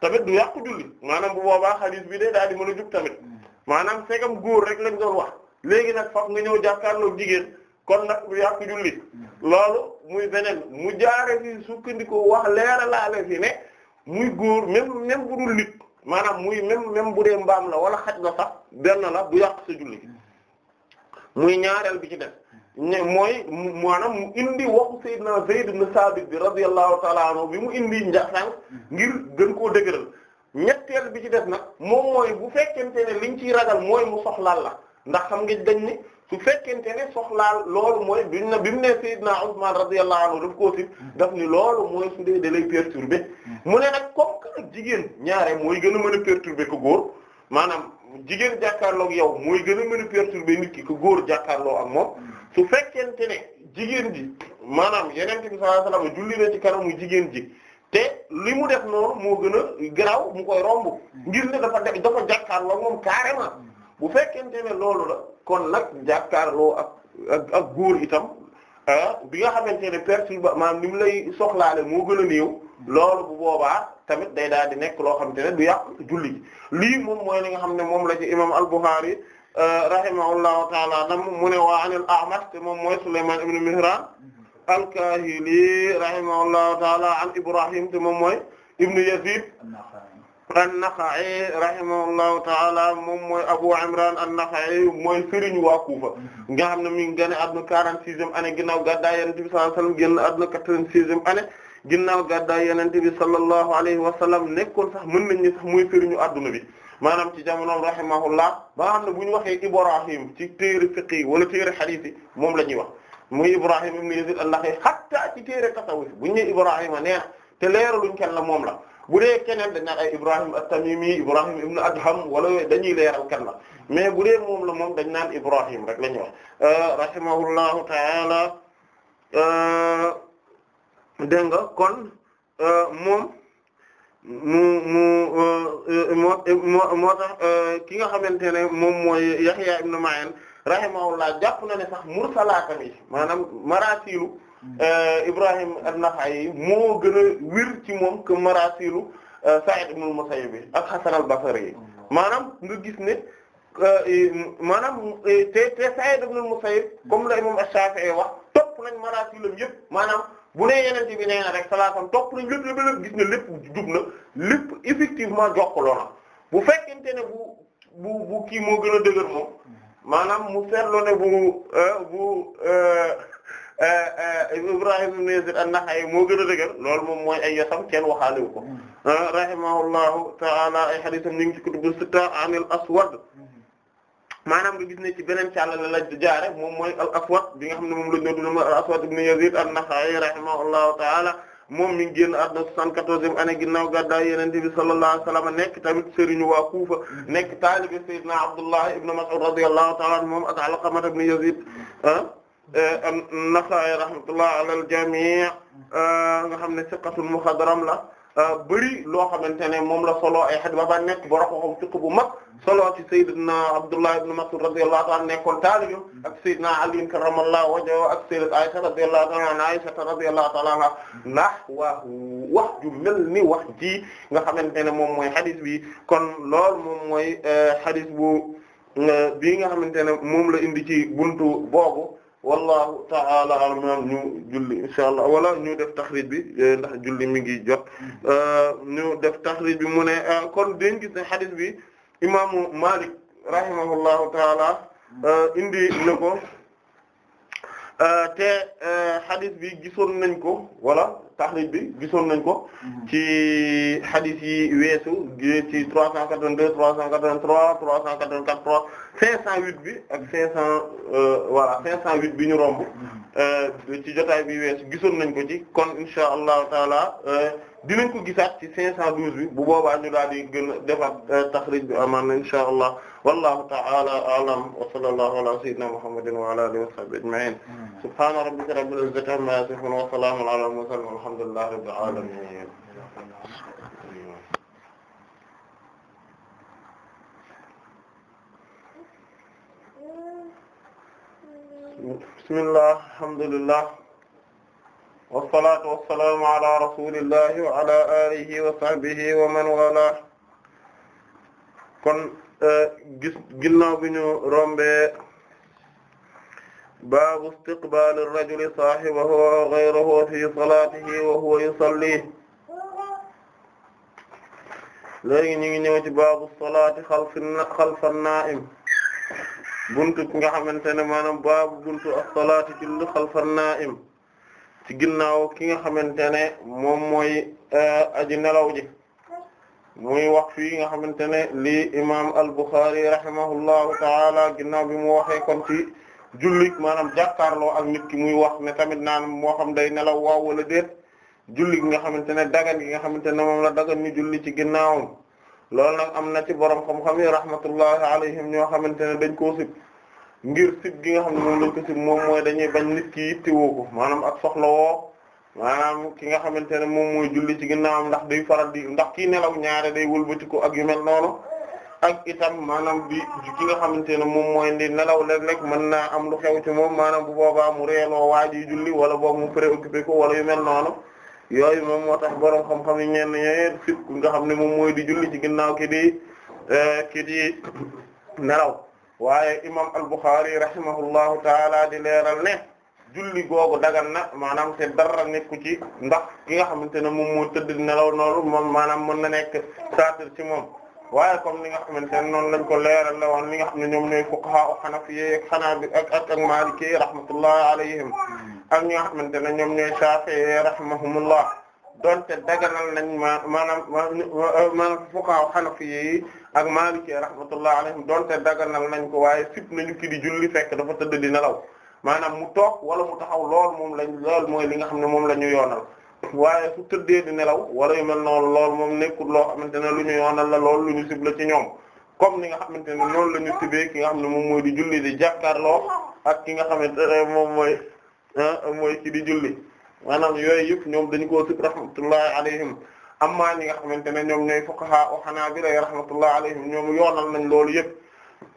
tamit du yàqu julli maanaam bu boobaa xadiis bi de daal di mën a jub tamit maanaam fekkam góor rek lañ doon wax léegi nag faf nga ñëw jàkkaarloo jigéen kon nag du yàqu julli loolu muy beneen mu jaare fi sukkandiku wax leeralaale fi ne muy góor même même bu dul nit maanaam muy même même bu dee mbaam la wala xaj la sax benn la du yàq sa julli muy ñaareel bi ci def ñe mooy maanaam mu indi waxu Seydina Zayd ibn Sabit bi radiyallahu ta'ala anhu bi mu indi njaxsaan ngir gën koo dëgëral ñetteel bi ci def nag moom mooy bu fekkente ne liñ ciy ragal mooy mu soxlaal la ndax xam nga dañ ni su fekkente ne soxlaal loolu mooy biñ na bi mu nee Seydina Usman radiyallahu anhu daf koo sib daf ni loolu mooy su dee da lay perturber hmm. mu ne nag comme que jigéen ñaare mooy gën a mën a be ko góor maanaam jigéen jàkkaarloo ak yow mooy gën a mën a perturber nit ki ko góor jàkkaarloo ak moom su fekkente ne jigéen ji maanaam yeneen bi sallallahu alayhi wasallam julli na ci kanamu jigéen ji te li mu def noonu moo gën a garaaw mu koy romb ngir ne dafa def dafa jàkkaarloo ak moom carrément bu fekkente ne loolu la kon nag jàkkaarloo ak ak ak góor itam ah, bi nga xamante ne perturber maanaam ni mu lay soxlaale moo gën a néew loolu bu boobaa. tamit day daal di nekk loo xamante ne du yàq julli gi lii moom mooy li nga xam ne moom la ci imam al-Bukhari euh, rahimahullahu taala nam mu ne waa anil A'mash te moom mooy Sulayman ibn Mihran al-Kahili rahimahullahu taala an Ibrahim te moom mooy ibn Yazid an-Nakha'i rahimahullahu ta'ala moom mooy Abu Imran an-Nakha'i mooy sëriñu waa Kufa nga xam ne mi ngi génn àdduna 46e année ginnaaw gàddaay Yonent bi sallallahu alayhi wasallam génn àdduna ginnaaw gàddaay yenente bi sallallahu alayhi wa sallam nekkoon sax mën nañ ni sax muy sëriñu adduna bi maanaam ci jamonoom rahimahullah ba nga xam ne bu ñu waxee Ibrahim ci téere fiqh wala téere hadith yi moom la ñuy wax muy Ibrahim ibn Yazid an-Nakha'i hatta ci téere tasawuf bu ñu nee Ibrahima neex te leeraluñ kenn la moom la bu dee keneen dañ naan ay Ibrahim at-Tamimi Ibrahim ibn Adham wala dañuy leeral kenn la mais bu dee moom la moom dañ naan Ibrahim rek la ñuy wax euh, rahimahullahu ta'ala euh, dégg nga kon euh, moom mu mu euh, moo moo tax euh, ki nga xamante ne moom mooy Yahya ibn Ma'in rahimahullah jàpp na ne sax mursalaatam yi maanaam marasilu hmm. Ibrahim an-Nakha'i moo gën a wir ci moom que marasilu Sa'id ibn al-Musayyib ak Hasan al-Basri yi hmm. maanaam nga gis ne maanaam te te Sa'id ibn al-Musayyib comme la imam Ash-Shafi'i wax topp nañ marasilam yëpp maanaam bu nee yenente bi nee na rek salaatam topp nañ lépp lépp gis na lépp jub na lépp effectivement jokkaloo bu fekkente ne bu bu bu kii moo gën a dëgër moom maanaam mu seetlu ne bu euh, bu euh, euh, Ibrahim ibn Yazid an-Nakha'i moo gën a dëgër loolu moom mooy ay yosam kenn waxaalewu ko hmm. rahimahullahu ta'ala ay haditham ñu ngi ci kutubu sitta anil aswad maanaam nga gis ne ci beneen càllale la jaare moom mooy al aswad bi nga xam ne moom lañ doon al aswad ibn yazid an-nakhai rahimahullahu taala moom mi ngi génn àdduna 74e année ginnaaw gàddaay yonent bi sallallahu alayhi wa sallam nekk tamit sëriñu waa Kufa nekk taalibe Seydina Abdullah ibn Mas'ud radiyallahu ta'ala anhu moom ak Alqama ibn Yazid ah, eh, an-Nakhai rahmatullah ala al-jami' ah, nga xam ne siqatul mukhadram la Euh, bëri loo xamante ne moom la solo ay xadis ba ba nekk borom xam fiqh bu mag solo ci sayyidina Abdullah ibn Mas'ud radiyallahu ta'ala nekkoon taalibe ak sayyidina Ali karramallahu wajhahu ak sayyidat Aisha radiyallahu ta'ala anha Aisha radiyallahu ta'ala anha ndax wax wax ju mel ni wax ji nga xamante ne moom mooy xadis bi kon loolu moom mooy euh, xadis bu euh, bii nga xamante ne moom la indi ci buntu boobu wallahu ta'ala alam ñu wala ñu def taxrij bi eh, ndax julli mi ngi jot mm-hmm. eh, ñu def taxrij bi mu ne eh, kon dañ gis ne xadis bi imaamu Malik rahimahullahu taala indi na ko te xadis bi gisoon nañ ko walla taxrij bi gisoon nañ ko mhm. ci hadith yi weesu gi ci 382 383 384 508 bi ak 500 euh, voilà 508 bi ñu romb mhm. euh, ci jotaay bi weesu gisoon nañ ko ci kon insha allahu taala euh, dinañ ko gisaat ci 512 bi bu boobaa ñu daal di gën a defaat taxrij bi amaan na insha allah wallahu ta'ala a'lam wa sallallahu ala sayyidina muhammadin wa ala alihi wa sahbihi ajma'in subhana rabbika rabbil izzati amma yasifun wa salamun ala al mursalin walhamdulillahi rabbil alamin bismillah alhamdulillah wasalaatu wasalaamu ala rasulillahi wa ala alihi wa sahbihi wa man wala kon gis ginnaaw bi ñu rombee baabu istiqbaal ar-rajuli saahibahu aw ghayrahu fi salaatihi wa huwa yusalli léegi ñu ngi ñëw ci baabu salaati xalfa an-naa'im buntu ki nga xamante ne maanaam baabu buntu as-salaati julli xalfa an-naa'im ci ginnaaw ki nga xamante ne moom mooy eh, aji nelaw ji muy wax fii nga xamante ne lii imam al-Bukhari rahimahullahu taala ginnaaw bi mu waxee kom ci jullit maanaam jàkkaarloo ak nit ki muy wax ne tamit naan moo xam day nelaw waaw wala déet julli gi nga xamante ne dagan gi nga xamante ne moom la dagan ñu julli ci ginnaawam lool nag am na ci borom xam-xam yi rahmatullahi alayhim ñoo xamante ne dañ koo sib ngir sib gi nga xam ne moom ko sib moom mooy dañuy bañ nit ki yittewoo ko maanaam ak soxlawoo maanaam ki nga xamante ne moom mooy julli ci ginnaawam ndax day faral di ndax kii nelaw ñaare day wëlbatiku ak yu mel noonu itam maanaam bi ki nga xamante ne moom mooy di nelaw léeg-léeg mën naa am lu xew ci moom maanaam bu boobaa mu reeloo waaji julli wala boobu mu préoccupé ko wala yu mel noonu yooyu moom moo tax borom xam-xam yi ñenn ñooy fit ku nga xam ne moom mooy di julli ci ginnaaw ki di eh, ki di nelaw waaye imam al-Bukhari taala di leeral ne julli googu dagan na maanaam te dara nekku ci ndax ki nga xamante ne moom moo tëdd nelaw noonu moom maanaam mën na nekk saatir ci moom waaye comme ni nga xamante ne noonu lañ ko leeral la woon li nga xam ne ñoom ñooy fuqaha hanafiyye ak hanabi ak ak ak maliki rahmatullahi alayhim ak ñi nga xamante ne ñoom ñooy shafi'i rahimahumullah donte daganal nañ maanaam maanaam fuqaha hanafiyye ak maliki rahmatullahi alayhim donte daganal nañ ko waaye sip nañu ki di julli fekk dafa tëdd di nelaw maanaam mu toog wala mu taxaw lool moom lañ lool mooy li nga xam ne moom la ñu yoonal waaye su tëddee di nelaw wala yu mel noonu lool moom nekkul loo xamante ne lu ñu yoonal la lool lu ñu sib la ci ñoom comme ni nga xamante ne noonu la ñu sibee ki nga xam ne moom mooy di julli di jàkkaarloo ak ki nga xamante ne moom mooy ah, mooy ki di julli maanaam yooyu yëpp ñoom dañ koo sib rahmatullahi alayhim amma ñi nga xamante ne ñoom ñooy fuqaha o Hanaabila rahmatullahi alayhim ñoom yoonal nañ loolu yëpp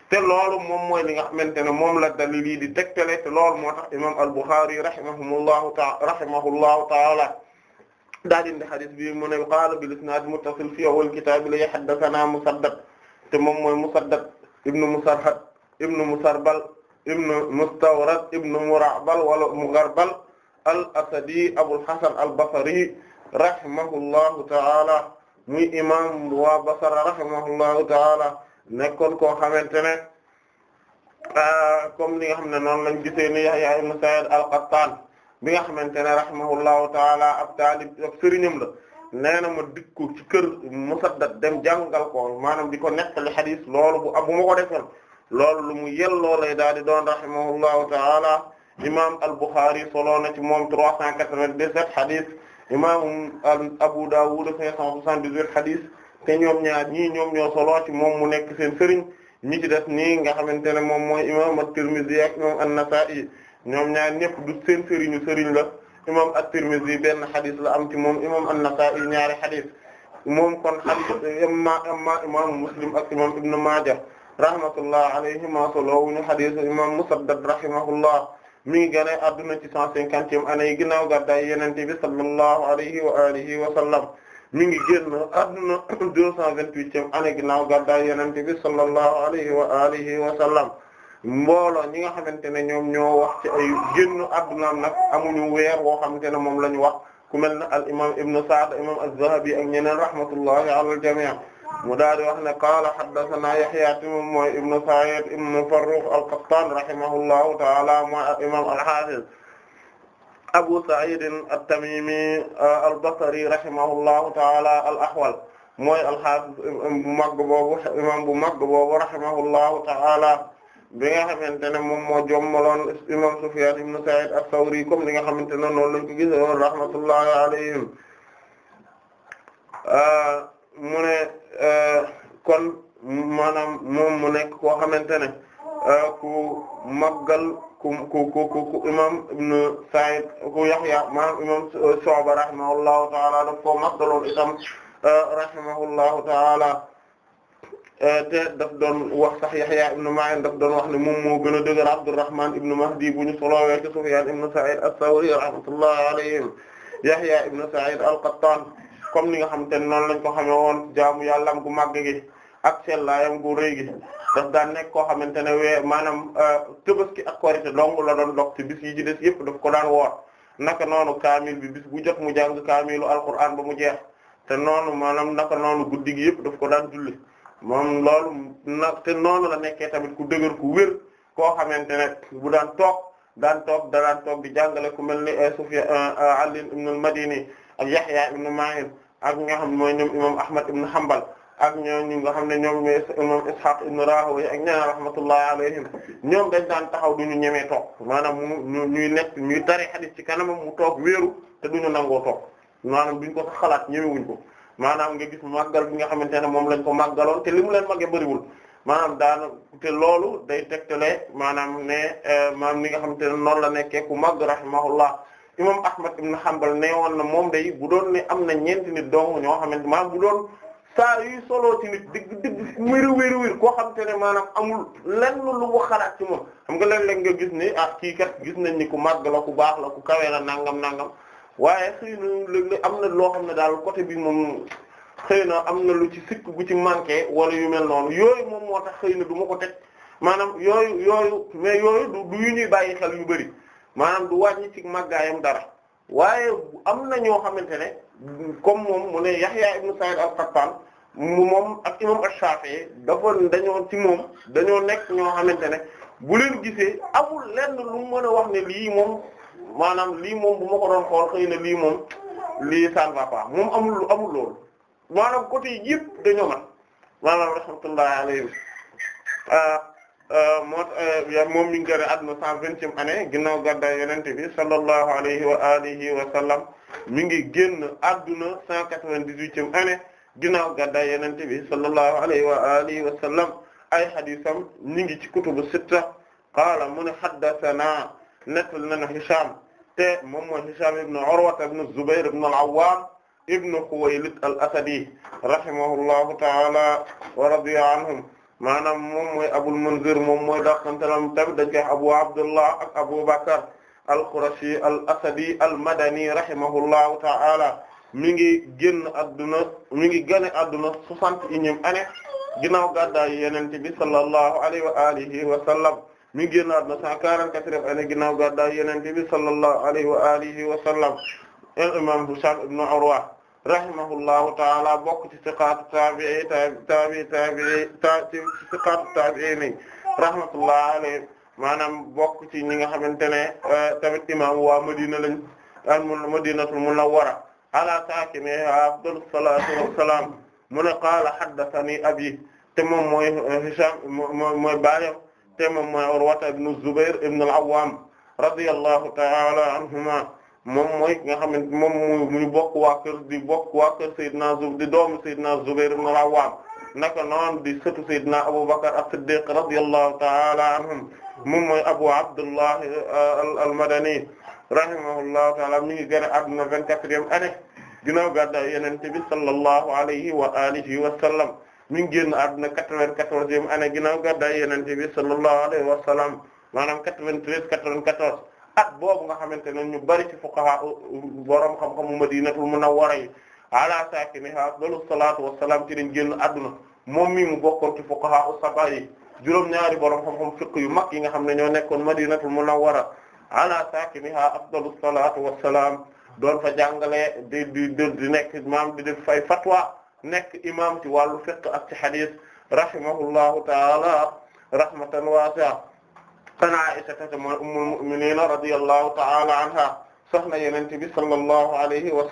te loolu moom li nga xamante ne moom la dalil yi di tegtale te loolu moo tax imam al-Bukhari rahimahullahu ta'ala rahimahullahu ta'ala daa di indi xadis bi mu ne qaala bil isnaad muttasil fi awwal kitaab li haddathana Musaddad te moom mooy Musaddad ibn Musarhad ibn Musarbal ibn Mustawrad ibn Mura'bal wala Mugharbal al-Asadi Abul Hasan al-Basri rahimahullahu ta'ala muy imam wa Basra rahimahullahu ta'ala nekkoon koo xamante ne euh, comme li nga xam ne noonu lañ gisee ni Yahya ibn Sa'id al-Qattan bi nga xamante ne rahimahullahu taala ab taalib ab sëriñam la nee na ma dikku ci kër Musaddad dem jàngal ko maanaam di ko nettali xadis loolu bu ab bu ko defoon loolu lu mu yelloo lay daal di doon rahimahullahu taala imam al-Bukhari solo na ci moom 397 xadis imam Abu Dawud 578 xadis te ñoom ñaar ñii ñoom ñoo solo ci moom mu nekk seen sëriñ ñi ci des nii nga xamante ne moom mooy imam at-Tirmidhi ak imam an-Nasa'i ñoom ñaar ñëpp du seen sëriñu sëriñ la imam at-Tirmidhi benn xadis la am ci moom imam an-Nasa'i ñaari xadis moom kon xadis amma amma imam Muslim ak imam Ibn Majah rahmatullah alayhima solowuñu xadisu imam Musaddad rahimahullah mi ngi gane adduna ci cent cinquantième année yi ginnaaw gàddaay yenente bi sallallahu alayhi wa alihi wa sallam mi gi génn adduna deux cent vingt-huitième année ginnaaw gàddaay yonent bi sallallahu alayhi wa alihi wa sallam mbooloo ñi nga xamante ne ñoom ñoo wax ci ay génn addunaam nag amuñu weer woo xamante ne moom lañu wax ku mel ne al imam ibnu Sa'd imam az-Zahabi ak ñeneen rahmatullahi ala al mu daal wax ne qaala haddathana Yahya moom mooy ibnu Sa'id ibnu Farrukh al-Qattan rahimahullahu ta'ala mooy imam al-Hafiz Abu Sa'id at-Tamimi euh, al-Basri rahimahullahu ta'ala al-Ahwal mooy al-Hafiz euh, bu mag boobu imam bu mag boobu rahimahullahu ta'ala bi nga xamante ne moom moo jommaloon imam Sufyan ibn Sa'id ath-Thawri comme li nga xamante ne noonu lañ ko gisee woon rahmatullahi alayhim euh, mu ne kon maanaam moom mu nekk koo xamante ne ku maggal ku ku ku ku imam Ibn Sa'id ku Yahya maanaam imam Shu'ba rahimahullahu ta'ala daf koo màggaloon itam euh, rahimahullahu ta'ala euh, te daf doon wax sax Yahya ibn Ma'in daf doon wax ne moom moo gën a dëgër Abdurrahman ibn Mahdi bu ñu solowee ci Sufyan ibn Sa'id as-Sawri rahmatullahi alayhim Yahya ibn Sa'id al-Qattan comme ni nga xam te noonu lañ ko xamee woon jaamu yàllam gu màgg gi ak sellaayam gu rëy gi daf daan nekk koo xamante ne wee maanaam euh, ki ak Korité dong la doon dog te bis yi des yëpp daf ko daan woor naka noonu kaamil bi bis bu jot mu jàng kaamilu alquran ba mu jeex te noonu maanaam naka noonu guddi gi yëpp daf ko daan julli moom loolu nag te noonu la nekkee tamit ku dëgër ku wér koo xamante ne bu daan toog daan toog da daan toog di jàngale ku mel ni euh, Sufyan euh, Ali ibn al-Madini ak Yahya ibn Ma'in ak nga xam mooy ñoom imam Ahmad ibn Hanbal ak ñoom ñu nga xam ne ñoom imam Ishaq ibn Rahawayh ak ñaar ñoom dañ daan taxaw ñu ñemee toog maanaam mu ñuy nekk ñuy tare hadith ci kanamam mu toog wéeru te ñu nangoo toog maanaam duñ ko sax xalaat ñemewuñ ko maanaam nga gis mu màggal bi nga xamante ne moom lañ ko màggaloon te limu mu leen màggee bëriwul maanaam daana te loolu day tegtale maanaam ne eh, maanaam li nga xamante ne noonu la nekkee ku màgg rahimahullah imam Ahmad ibn Hanbal ne woon na moom day bu doon ne am na ñeenti nit ñoo xamante maanaam bu doon saa yuy soloo ci nit digg digg wéru wéru wér koo xam te ne maanaam amul lenn lu mu xalaat ci moom xam nga léeg-léeg nga gis ni ah kii kat gis nañ ni ku màgg la ku baax la ku kawe la nangam nangam waaye xëy na léeg am na loo xam ne daal côté bii moom xëy na am na lu ci sikk gu ci manqué wala yu mel noonu yooyu moom moo tax xëy na duma ko teg maanaam yooyu yooyu mais yooyu du yu ñuy bàyyi xel yu bari maanaam du wàññi ci màggaayam dara waaye am na ñoo xamante ne comme moom mu ne Yahya ibn Sa'id al-Qattan mu moom ak imam Ash-Shafi'i dafa dañoo ci moom dañoo nekk ñoo xamante ne bu leen gisee amul lenn lu mu mën wax ne lii moom maanaam lii moom bu ma doon xool xëy na lii moom lii ça ne moom amul amul loolu maanaam côté yëpp dañoo mat maanaam rahmatullahi alayhi ah, ah, moo ah, moom mi ngi gën a àdduna cent vingtième année ginnaaw gàddaay yonent bi sallallahu alayhi wa alihi wa sallam mi ngi génn adduna cent quatre-vingt-dix-huitième année ginnaaw gàddaay yenente bi sallallahu alayhi wa alihi wa sallam ay hadisam ñi ngi ci kutubu sitta qaala mu ne haddathana nettal nana Hisham te moom mooy Hisham ibn Urwa ibn Zubayr ibn al-Awwam ibn Khuwaylid al-Asadi rahimahullahu ta'ala wa radiya anhum maanaam moom mooy Abul Munzir moom mooy dàqantalam tamit dañ koy Abu Abdullah ak Abu Bakr al-Qurashi al-Asadi al-Madani rahimahullahu ta'ala mi ngi génn adduna mi ngi gane adduna soixante et unième année ginnaaw gàddaay Yonent bi sallallahu alayhi wa alihi wa sallam mi ngi génn adduna cent quarante-quatrième année ginnaaw gàddaay Yonent bi sallallahu alayhi wa alihi wa sallam al-imam Hisham ibn Urwa rahimahullahu ta'ala bokk ci siqaatu tabi'i tabi'i tabi'i tabi'i rahmatullahi alayhi maanaam bokk ci ñi nga xamante ne euh, tamit imam waa Madina lañ al Madinatul Munawwara ala saakine afdal salatu wassalam mu ne qaala haddathani abi te moom mooy Hisham mooy baayam te moom mooy Urwata ibn Zubair ibn al-Awwam radiyallahu ta'ala anhuma moom mooy nga xamante moom mu muy bokk waa kër di bokk waa kër Seydina Zub di doomu Seydina Zubair ibn al-Awwam naka noon di sëtu Seydina Abubakar as-Siddiq radiyallahu ta'ala anhum moom mooy Abu Abdullah euh, al-Madani rahimahullahu ta'ala mi ngi génn àdduna vingt-quatrième année ginnaaw gàddaay Yonent bi sallallahu alayhi wa alihi wa sallam mi ngi génn àdduna quatre-vingt-quatorzième ginnaaw gàddaay Yonent bi sallallahu alayhi wa sallam maanaam quatre vingt at boobu nga xamante ne ñu bari ci fuqaha borom xam-xamu Madinatul Munawwara yi ala saakinihaa afdalu salaatu wa salaam ci lañ génn àdduna moom mi mu bokkoon ci fuqaha saba yi juróom-ñaari borom xam-xam fiqh yu mag yi nga xam ne ñoo nekkoon madinatul munawwara ala saakiniha afdalus salaatu wassalaam doon fa jàngale di di di nekk maam di def fatwa nekk imam ci wàllu fiqh ak ci hadith rahimahullahu taala rahmatan wasi'a ana Aysata mooy ummul mu'minina radiyallahu anha soxna Yonent bi sallallahu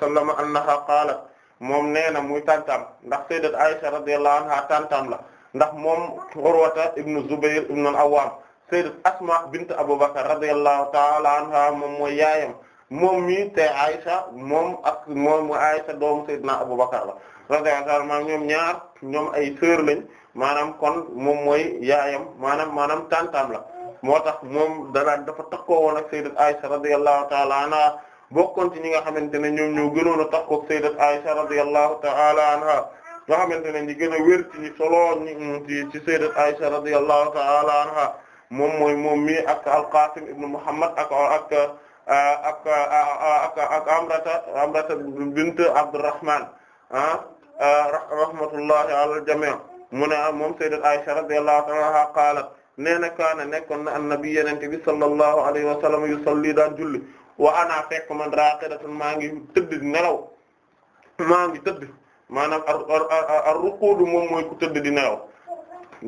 moom nee na muy tantam ndax sayyidat Aysa radiyallahu anha tantam la ndax moom Urwata ibnu Zubayr ibnu al-Awwam sayyidat Asma bint Abubakar radiyallahu ta'ala anha moom mooy yaayam moom mi te Aisha moom ak moom mu Aisha doomu sayyidna la radiyallahu ta'ala ñaar ñoom ay sœur lañ maanaam kon moom mooy yaayam maanaam maanaam tantam la moo tax moom danaan dafa takkoo woon ak sayyidat Aisha radiyallahu ta'ala anha bokkoon ci ñi nga xamante ne ñoom ñoo gënoon a takkoo ak sayyidat Aisha ta'ala anha nga xamante ne ñi gën a wér ci solo ñi mm, ci sayyidat Aisha radiyallahu ta'ala anha moom mooy moom mi ak al-Qasim ibn Muhammad ak ak uh, ak uh, ak ak Amrata Amrata bint Abdurrahman ah uh, rahmatullahi ala al-jami' mu ne moom sayyidat Aisha radiyallahu ta'ala anha qaalat nee na kaana nekkoon na annabi yenente bi sallallahu alayhi wa sallam yusalli daan julli wa ana fekk man raaqidatun maa ngi tëdd nelaw maa ngi tëdd maanaam ar ruqudu moom mooy ku tëdd di nelaw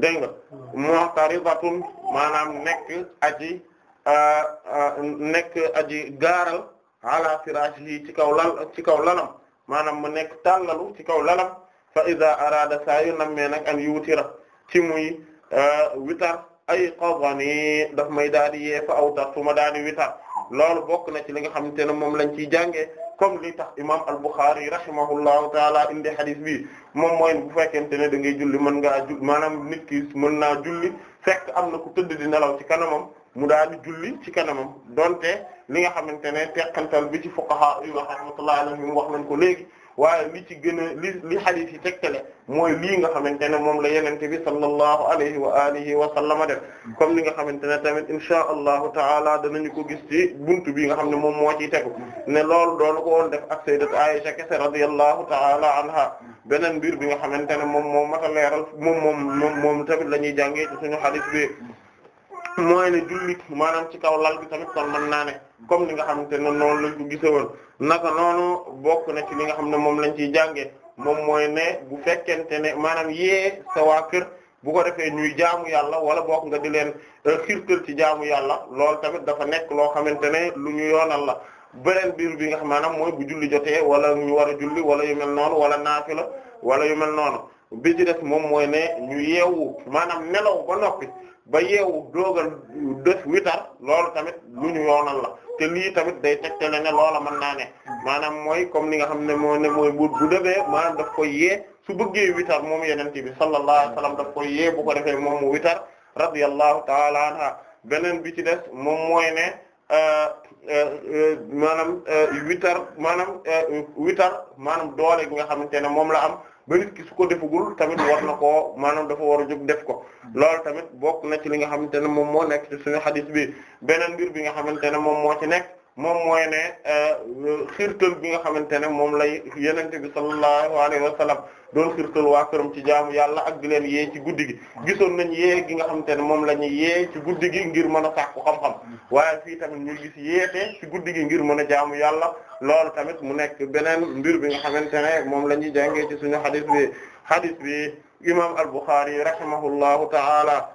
dégg nga hmm. mu'taridatun maanaam nekk aji nekk aji gaaral ala firashihi ci kaw lal ci kaw lalam maanaam mu nekk tàllalu ci kaw lalam fa iza arada saa yu nammee nag an yuutira ci muy witar ay qadani daf may daal di yee fa awtar fu ma witar loolu bokk na ci li nga xamante ne moom lañ ciy jàngee comme li tax imam al-Bukhari rahimahullahu taala indi hadith bi moom mooy bu fekkente ne da ngay julli mën ngaa ju maanaam nit ki mën naa julli fekk am na ku tëdd di nelaw ci kanamam mu daal di julli ci kanamam donte li nga xamante ne teqantal bi ci fuqaha yi rahmatullahi alayhim wax nañ ko léegi waaye li ci gën a li li hadith yi tegtale mooy lii nga xamante ne moom la yenente bi sallallahu alayhi wa alihi wa sallama def comme li nga xamante ne tamit inshaa allahu taala danañu ko gis ci buntu bi nga xam ne moom moo ciy tegu ne loolu lool ko woon def ak sayyidatu Aisha kese radiyallahu taala anha beneen mbir bi nga xamante ne moom moom mata leeral moom moom moom moom tamit la ñuy jàngee ci suñu hadith bi mooy ne jullit maanaam ci kaw lal bi tamit kon mën naa ne comme ni nga xamante ne noonu lañ ko gisewoon naka noonu bokk na ci li nga xam ne moom lañ ciy jàngee moom mooy ne bu fekkente ne maanaam yee sa kër bu ko defee ñuy jaamu yàlla wala bokk nga di leen euh, xirtal ci jaamu yàlla lool tamit dafa nekk loo xamante ne lu ñu yoonal la beneen biir bi nga xam maanaam mooy bu julli jotee wala ñu war a julli wala yu mel noonu wala naafila wala yu mel noonu bi ci des moom mooy ne ñu yeewu maanaam nelaw ba noppi ba yeewu doogal def witar loolu tamit lu ñu yoonal la te lii tamit day tegtale ne loola mën naa ne maanaam mooy comme li nga xam ne moo ne mooy bu bu demee maanaam daf koy yee su bëggee witar moom yenente bi sallallahu alayhi wasallam daf koy yee bu ko defee moom mu witar radiyallahu taala anha beneen bi ci des moom mooy ne euh, euh, euh, maanaam witar maanaam witar maanaam doole gi nga xamante ne moom la am ba nit su ko defagul tamit war na koo maanaam dafa war a jóg def ko loolu tamit bokk na ci li nga xamante ne moom moo nekk ci suñu xadis bi beneen mbir bi nga xamante ne moom moo ci nekk moom mooy ne euh, xirtal bi nga xamante ne moom lay yenente bi sallallahu alayhi wa sallam doon xirtal waa këram ci jaamu yàlla ak di leen yee ci guddi gi gisoon nañ yee gi nga xamante ne moom la ñuy yee ci guddi gi ngir mën a sàkku xam-xam waaye fii tamit ñu gis yeete ci guddi gi ngir mën a jaamu yàlla loolu tamit mu nekk beneen mbir bi nga xamante ne moom la ñuy jàngee ci suñu hadith bi hadith bi imam al-Bukhari rahimahullahu ta'ala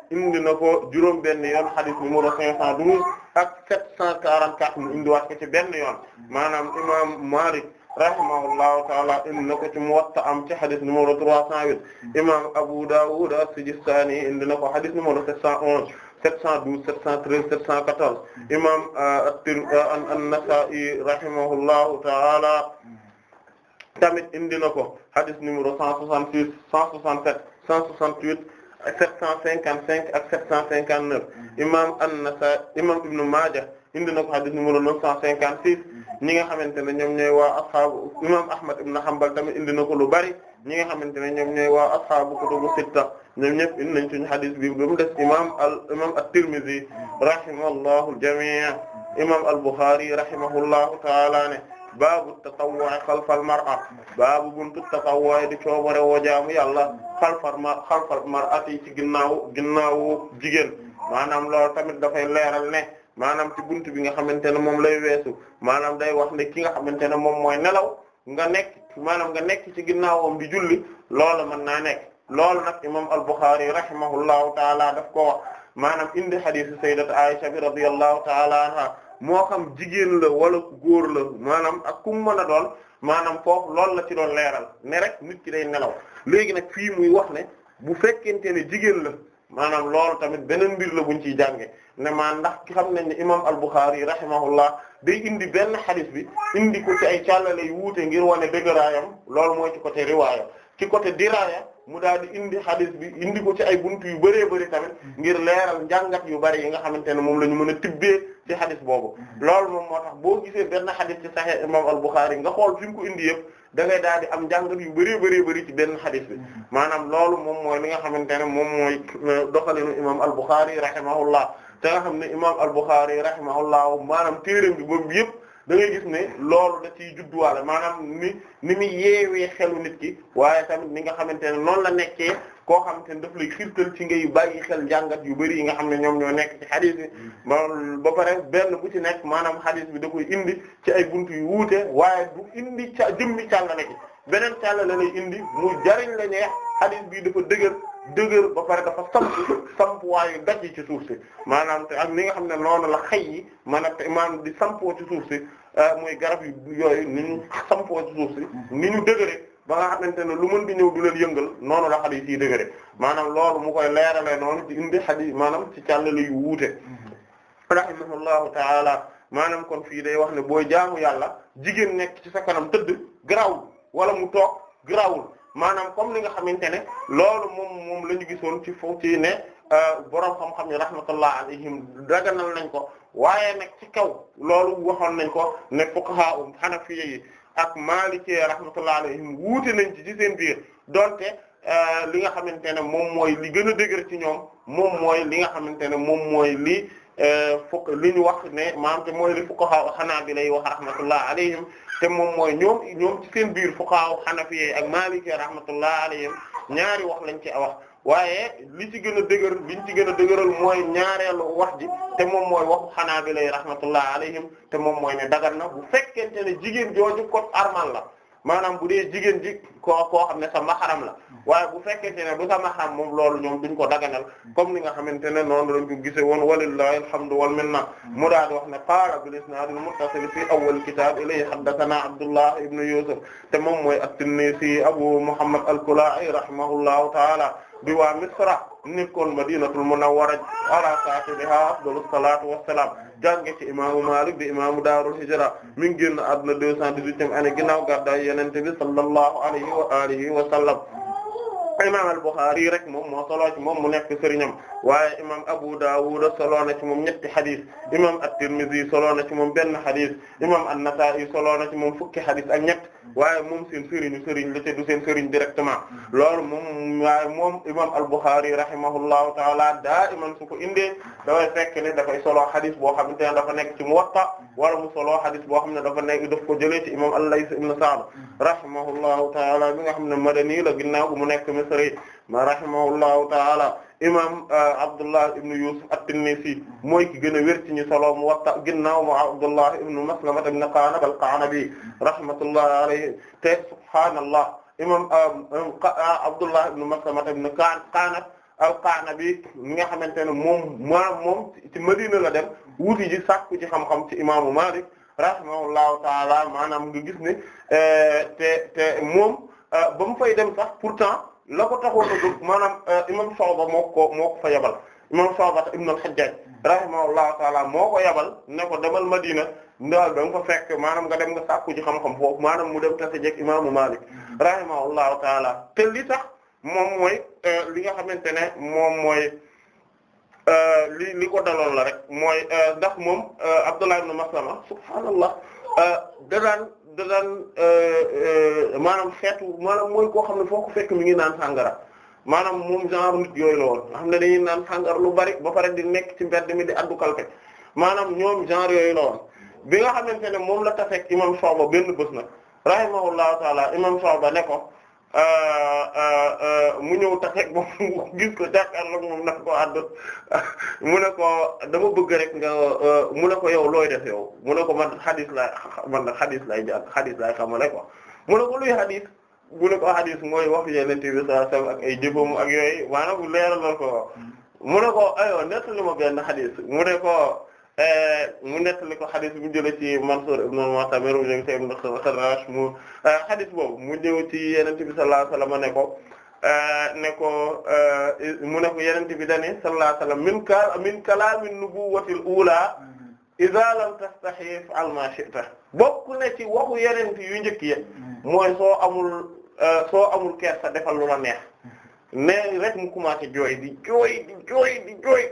indi na ko juróom benn yoon hadith numéro 512 ak 744 mu indiwaat ko ci benn yoon maanaam imam Malik rahimahullahu taala indi na ko ci am ci hadith numéro 308 imam Abu Dawud as-Sijistani indi na ko hadith numéro 711 712 713 714 imam an-Nasa'i rahimahullahu taala tamit indi na ko hadith numéro 166 167 168 755 ak 759 mm-hmm. imam an-Nasa'i imam Ibn Maaja indi na ko hadith numéro 956 mm-hmm. ñi nga xamante ne ñoom ñooy waa ashaabu imam Ahmad ibn Hanbal tamit indi na ko lu bari ñi nga xamante ne ñoom ñooy waa ashaabu kutubu sitta ñoom ñëpp indi nañ suñu hadith bi ba mu des imam al imam at-Tirmidhi mm-hmm. rahimahullahu al-jami' imam al-Bukhari rahimahullahu ta'ala ne baabu tatawwu xalfal mar'a baabu buntu tatawwu di coobare woo jaamu yàlla xalfal mar xalfal mar'ati ci ginnaaw ginnaawu jigéen maanaam loolu tamit dafay leeral ne maanam ci buntu bi nga xamante ne moom lay weesu maanaam day wax ne ki nga xamante ne moom mooy nelaw nga nekk maanaam nga nekk ci ginnaawam di julli loolu mën naa nekk lool nag imam al-Bukhari rahimahullahu taala daf ko wax maanaam indi hadiisu sayyidati Aisha bi radiyallahu taala anha moo xam jigéen la wala góor la maanaam ak kum mën a doon maanaam foofu loolu la ci doon leeral ne rek nit ki day nelaw léegi nag fii muy wax ne bu fekkente ne jigéen la maanaam loolu tamit beneen mbir la buñ ciy jànge ne maa ndax ki xam nañ ne imam al-Bukhari rahimahullah day indi benn xadis bi indi ko ci ay càllale yu wuute ngir wane dëgëraayam loolu mooy ci côté riwaaya ci côté diraaya mu daal di indi hadith bi indi ko ci ay buntu yu bëree bëri tamit hmm. ngir leeral njàngat yu bëri yi nga xamante ne moom la ñu mën a tibbee ci hadith boobu hmm. loolu moom moo tax boo gisee benn hadith ci Sahih imam al-Bukhari nga xool fi ko indi yëpp da ngay daal di am njàngat yu bëree bëree bëri ci benn hadith bi hmm. maanam loolu moom mooy li nga xamante ne moom mooy euh, doxalinu imam al-Bukhari rahimahullah te nga xam ne imam al-Bukhari rahimahullah maanaam téeram bi boobu yëpp da ngay gis ne loolu da ciy judduwaale maanaam ni ni muy yeewee xelu nit ki waaye tamit ni nga xamante ne noonu la nekkee koo xamante ne daf lay xirtal ci ngay bàyyi xel njàngat yu bari yi nga xam ne ñoom ñoo nekk ci xadis bi ma mm. ba pare benn bu ci nekk maanaam xadis bi da koy indi ci ay buntu yu wuute waaye du indi ca jëmmi càllale gi beneen càllale lay indi mu jariñ la ñeex xadis bi dafa dëgër dëgër ba pare dafa samp sampuwaayu daj yi ci suuf si maanaam ak ni nga xam ne noonu la xëy yi maanaam te maanaam di sampoo ci suuf si euh, garab yu yooyu ni ñu sampoo ci suuf ñu dëgëre ba nga xamante ne lu mën di ñëw du leen yëngal noonu la xadiis yi dëgëre maanaam loolu mu koy leerale noonu ci indi xadiis maanaam ci càllale yu wuute rahimahullahu taala maanaam kon fii day wax ne booy jaamu yàlla jigéen nekk ci sa kanam tëdd garaawul wala mu toog garaawul maanaam comme li nga xamante ne loolu moom moom la ñu gisoon ci foofu ci ne euh, borom xam-xam yi rahmatullah alayhim daganal nañ ko waaye nag ci kaw loolu waxoon nañ ko ne fuqaha um yi ak maliki rahmatullah alayhim wuute nañ ci ci seen biir donte euh, li nga xamante ne moom mooy li gën a dëgër ci ñoom moom mooy li nga xamante ne moom mooy li euh, fukk li ñu wax ne maam te mooy li fuqaha xanaa bi lay wax rahmatullah alayhim te moom mooy ñoom ñoom ci seen biir fuqaha Hanafi ak Maliki rahmatullah alayhim ñaari wax lañ ci wax waaye li ci gën a dëgër liñ ci gën a dëgëral mooy ñaareelu wax ji te moom mooy waxu Hanabila rahmatullah alayhim te moom mooy ne dagan na bu fekkente ne jigéen jooju ko armal la maanaam bu dee jigéen ji koo koo xam ne sa maxaram la waaye bu fekkente ne du sa maxaram moom loolu ñoom duñ ko daganal comme ni nga xamante ne noonu lañ ko gise woon walillahi alhamdu wal minna na daal di wax ne qaala bil isnaadil muttasil fi awwal kitaab ilayhi haddathana abdullah ibn yusuf te moom mooy at-tinnisi abu muhammad al-kulaa'i rahimahullahu taala di waa Misra nekkoon Madinatul Munawwara ala sahibiha afdalus salatu wassalam jànge ci imaamu Malik bi imaamu Daarul Hijra mi ngi génn àdduna deux cent dix-huitième année ginnaaw gàddaay Yonent bi sallallahu alayhi wa alihi wa sallam imam al-Bukhari rek moom moo solo ci moom mu nekk sëriñam waaye imam Abu Dawud solo na ci moom ñetti xadis imam at-Tirmidhi solo na ci moom benn xadis imam an-Nasa'i solo na ci moom fukki xadis ak ñett waaye moom seen sëriñu sëriñ la te du seen sëriñ directement loolu moom waaye moom imam al-Bukhari rahimahullahu ta'ala daa iman su ko indee dafay fekk ne dafay solo xadis boo xamante ne dafa nekk ci Muwatta wala mu solo xadis boo xam ne dafa nekk daf ko jëlee ci imam al-Layth ibn Sa'd rahimahullahu ta'ala bi nga xam ne madani la ginnaaw bu mu nekk misri rahimahullahu ta'ala imam euh, Abdullah ibn Yusuf at-Tinnisi mooy ki gën a wér ci ñu solo Muwatta ginnaaw mu Abdullah ibn Maslama ibn Qa'nab al-Qa'nabi rahmatullahi alayhi te subhaanallah imam euh, euh, Abdullah ibn Maslama ibn Qa'nab al-Qa'nabi mi nga xamante ne moom maa moom ci Madina la dem wuti ji sàkku ci xam-xam ci imaamu Malik rahimahullahu taala maanaam nga gis ne te te moom ba mu fay dem sax pourtant la ko taxoon a jóg maanaam euh, imam Shu'ba moo ko moo ko fa yabal imam Shu'ba ibn al-Hajjaj rahimahullahu taala moo ko yabal ne ko demal Madina ndaal da nga fa fekk maanaam nga dem nga sàkku ji xam-xam foofu maanaam mu dem tase jeeg imaamu Malik rahimahullahu taala te li tax moom mooy euh, li nga xamante ne moom mooy euh, li li ko daloon la rek mooy ndax moom Abdullah ibn Maslama subhaanallah da da daan euh, euh, maanaam xeetu maanaam mooy koo xam ne foo ko fekk mi ngi naan sàngara maanaam moom genre nit yooyu la woon nga xam ne dañuy naan sàngara lu bari ba pare di nekk ci mbedd mi di addu kalpe maanaam ñoom genre yooyu la bi nga xamante ne moom la tafek imam Soba benn bés nag rahimahullahu taala imam Soba ne ko Euh, euh, euh, mu ñëw taxek moom gis ko jàkkaarloog moom nag ko àdd (laughs) mu ne ko dama bëgg rek nga mu ne ko yow looy def yow mu ne ko man xadis laa man nag xadis lay jàng xadis laay xamale quoi mu ne ko luy xadis mu ne ko xadis mooy wax yenente bi sallallahu alayhi wasallam ak ay jëfam ak yooyu maanaam leeralal ko hmm. mu ne ko ayo nettali ma benn xadis mu ne ko Eh, mu nettali ko xadis bu jëlee ci Mansur ibn Mu'tamir mu jëlee ci Ibn Kharrash mu eh, xadis boobu mu jëw ci Yonent bi sallallahu alayhi wasallam ne ko eh, ne ko mu ne ko Yonent bi dane sallallahu alayhi wasallam min ka min kalaami nubuwwatil uulaa idhaa lam tastahi fa'al maa shi'ta bokk na ci waxu Yonent yu njëkk yi mooy soo amul soo amul kersa defal lu la neex mm-hmm. ne rek mu commencé jooy di jooy di jooy di jooy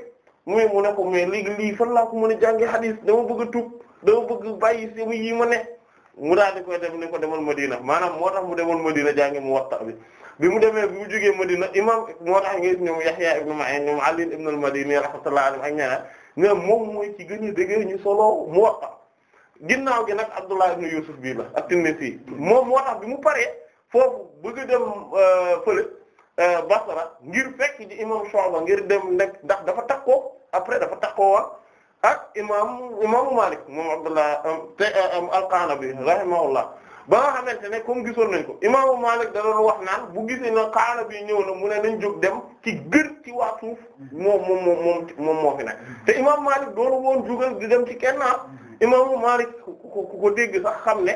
muy mu ne ko mais léegi lii fan laa ko mën a jànge xadis dama bëgg a tuub dama bëgg bàyyi si yi ma ne mu daal di koy dem ni ko demal Madina maanaam moo tax mu demal Madina jàngi mu Muwatta bi bi mu demee bi mu jógee Madina imam moo tax nga gis ñoom Yahya ibn Ma'in ñoom Ali ibn al-Madini rahmatullahi alayhi ak ñaar mais moom mooy ci gën a dëgër ñu solo Muwatta ginnaaw gi nag Abdullah ibn Yusuf bii la at-Tinnisi moom moo tax bi mu paree foofu bëgg dem euh, fële Euh, Basra ngir fekk ji imam Shu'ba ngir dem nekk ndax dafa takkoo après dafa takkoo woon ak imam imaamu Malik moom Abdullah euh, te euh, al-Qanabi rahimahullah ba nga xamante ne comme gisoon nañ ko imaamu Malik da doon wax naan bu gisee na Qanabi ñëw na mu ne nañ jóg dem ci gër ki waa suuf moom moom moom moom moom moo fi nekk te imam Malik doonu woon dem ci kenn imaamu Malik ku ko dégg sax xam ne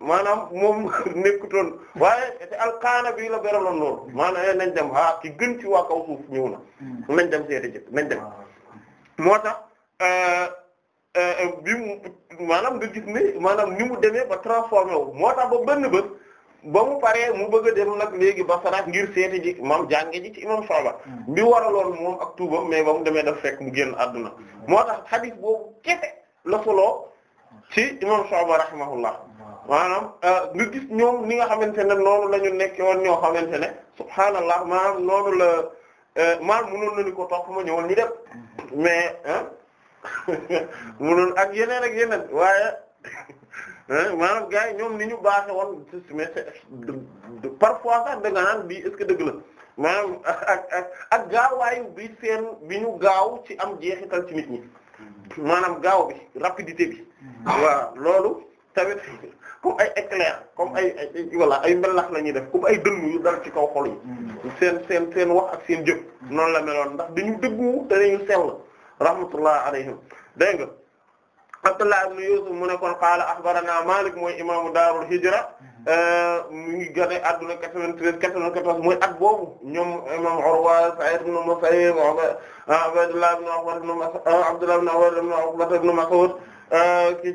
maanaam moom (laughs) nekkutoon waaye te alkaana bii la beraloon loolu maanaam eh, nañ dem ah ki gën ci waa kaw suuf ñëw na hmm. nañ dem seeta jëkk nañ dem ah. moo tax euh, euh, euh, bi mu maanaam nga gis ne maanaam ni mu demee ba transformé moo tax ba benn bët ba mu paree mu bëgg a dem nag léegi ba Basra ngir seeti ji maam jànge ji ci imam Shu'ba hmm. bi waraloon moom ak tuubam mais ba mu demee daf fekk mu génn àdduna hmm. moo tax xadiis boobu kese la solo ci imam Shu'ba rahimahullah maanaam euh, nga gis ñoom ni nga xamante ne noonu lañu ñu nekk woon ñoo xamante ne subhaanallah maanaam noonu la euh, maanaam mënoon nañu ko topp ma ñëwal ñu def mais ah (laughs) mënoon ak yeneen ak yeneen waaye (laughs) maanaam gars yi ñoom ni ñu baaxe woon mais parfois sax da nga naan bii est-ce dëgg la maanaam (laughs) ak ak ak bi seen bi ñu gaaw ci am jeexital ci nit ñi maanaam gaaw bi rapidité bi mm-hmm. waaw loolu tamit comme ay éclair comme ay ay voilà def comme ay dënnu yu dal ci kaw xol yi mm. seen seen wax ak seen jëf mm. noonu la meloon ndax dañu dëggu te dañu sell rahmatullah alayhim dégg nga Abdullah ibn Yusuf mu ne kon qaala axbarana Malik mooy imaamu daarul hijra mm-hmm. euh, mu ngi gane adduna 93 94 mooy at boobu ñoom imam Urwa Sa'id ibn Musayyib Ubaydullah ibn Umar ibn Abdullah ibn Umar ibn Uqba ibn Mas'ud euh, kii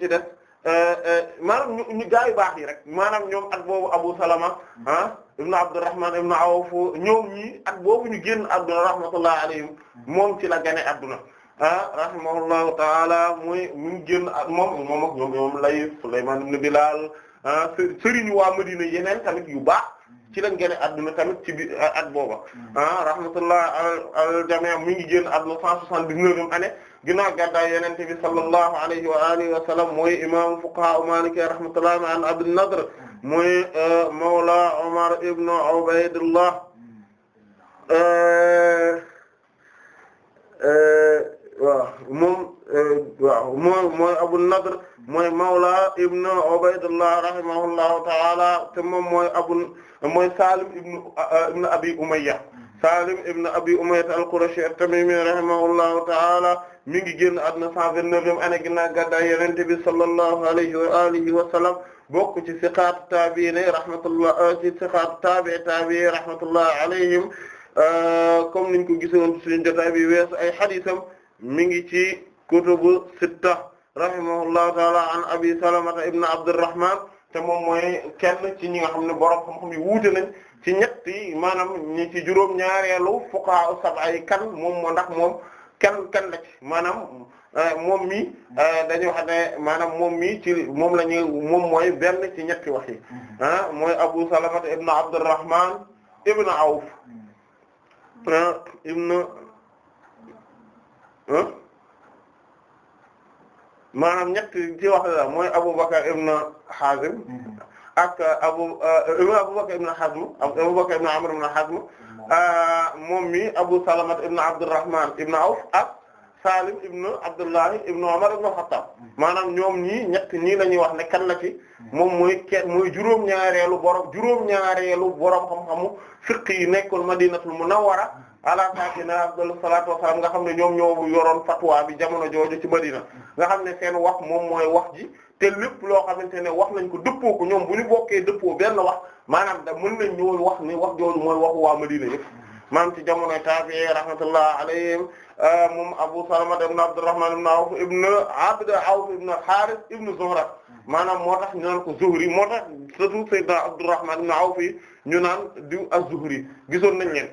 Euh, euh, maanaam ñu ñu gaa yu baax yi rek maanaam ñoom at boobu Abu Salama ah ibnu Abdurrahman ibnu Awf ñoom ñii at boobu ñu génn adduna rahmatullah alayhim moom ci la gane adduna ah rahimahullahu taala muy mu génn at moom moom ak ñoom ñoom lay Sulaymaan ibnu Bilaal ah sëriñu waa Madina yeneen tamit yu baax ci lañ génne adduna tamit ci bi at booba ah rahmatullah al al mu ngi génn adduna 179e année. ginnaaw gàddaay Yonent bi sallallahu alayhi wa alihi wa sallam mooy imaamu fuqahaa Maaliki rahmatullahi an Abi Nadr mooy euh, mawla Umar ibn Ubaydullah euh, euh, waaw moom waaw mooy mooy Abu Nadr mooy mawla ibn Ubaydullah rahimahullahu ta'ala te moom mooy abu mooy Salim ibn ibn Abi Umayya Salim ibn Abi Umayya al-Qurashi at-Tamimi rahimahullahu ta'ala mi ngi génn àdduna 129e année ginnaaw gàddaay Yonent bi sallallahu alayhi wa alihi wa sallam bokk ci siqaat taabi'iin rahmatullah euh, ci siqaat taabi'i taabi'i rahmatullah alayhim euh, comme niñ ko gisoon suñu jotaay bi weesu ay hadiisam mi ngi ci kutubu sitta rahimahullahu taala an abi salamata ibn abdurrahman te moom mooy kenn ci ñi nga xam ne borom xam-xam yi wuute ci ñett yi maanaam ñi ci juróom-ñaareelu fuqaha kan moom moo ndax moom kan kan la maanaam euh, moom mi euh, dañoo xam ne maanaam moom mi ci moom la ñuy moom mooy benn ci ñetti wax yi mm-hmm. ah mooy Abu Salama ibn Abdurrahman ibn Awf mm-hmm. ah, ibn ah, maanaam ñetti ci wax la mooy Abu Bakr ibn Hazim mm-hmm. ak Abu euh, Abu Bakr ibn Hazm Abu Bakr ibn Amr ibn Hazm Euh, moom mi Abu Salama ibn Abdurrahman ibn Awf ak Salim ibn Abdullahi ibn Umar ibn Khattab maanaam ñoom ñii ñett ñii la ñuy wax ne kan la ci moom mooy kenn mooy juróom-ñaareelu borom juróom-ñaareelu borom xam-xamu fiqh yi nekkul Madinatul Munawwara ala sakina abdul salatu wasalaam nga xam ne ñoom ñoo yoroon fatwa bi jamono jooju ci Madina nga xam ne seen wax moom mooy wax ji te lépp loo xamante ne wax nañ ko dëppoo ko ñoom bu ñu bokkee dëppoo benn wax maanaam da mën nañ ñoo wax ni wax jooju mooy waxu waa Madina yëpp maanaam ci jamono tabi'i rahmatullah alayhim euh, moom Abu Salama ibn Abdurrahman ibn Awf ibn Abd Awf ibn Harith ibn Zuhra maanaam moo tax ñu naan ko Zuhri moo tax surtout Sayyidna Abdurrahman ibn Awf yi ñu naan diw az-Zuhri gisoon nañ leen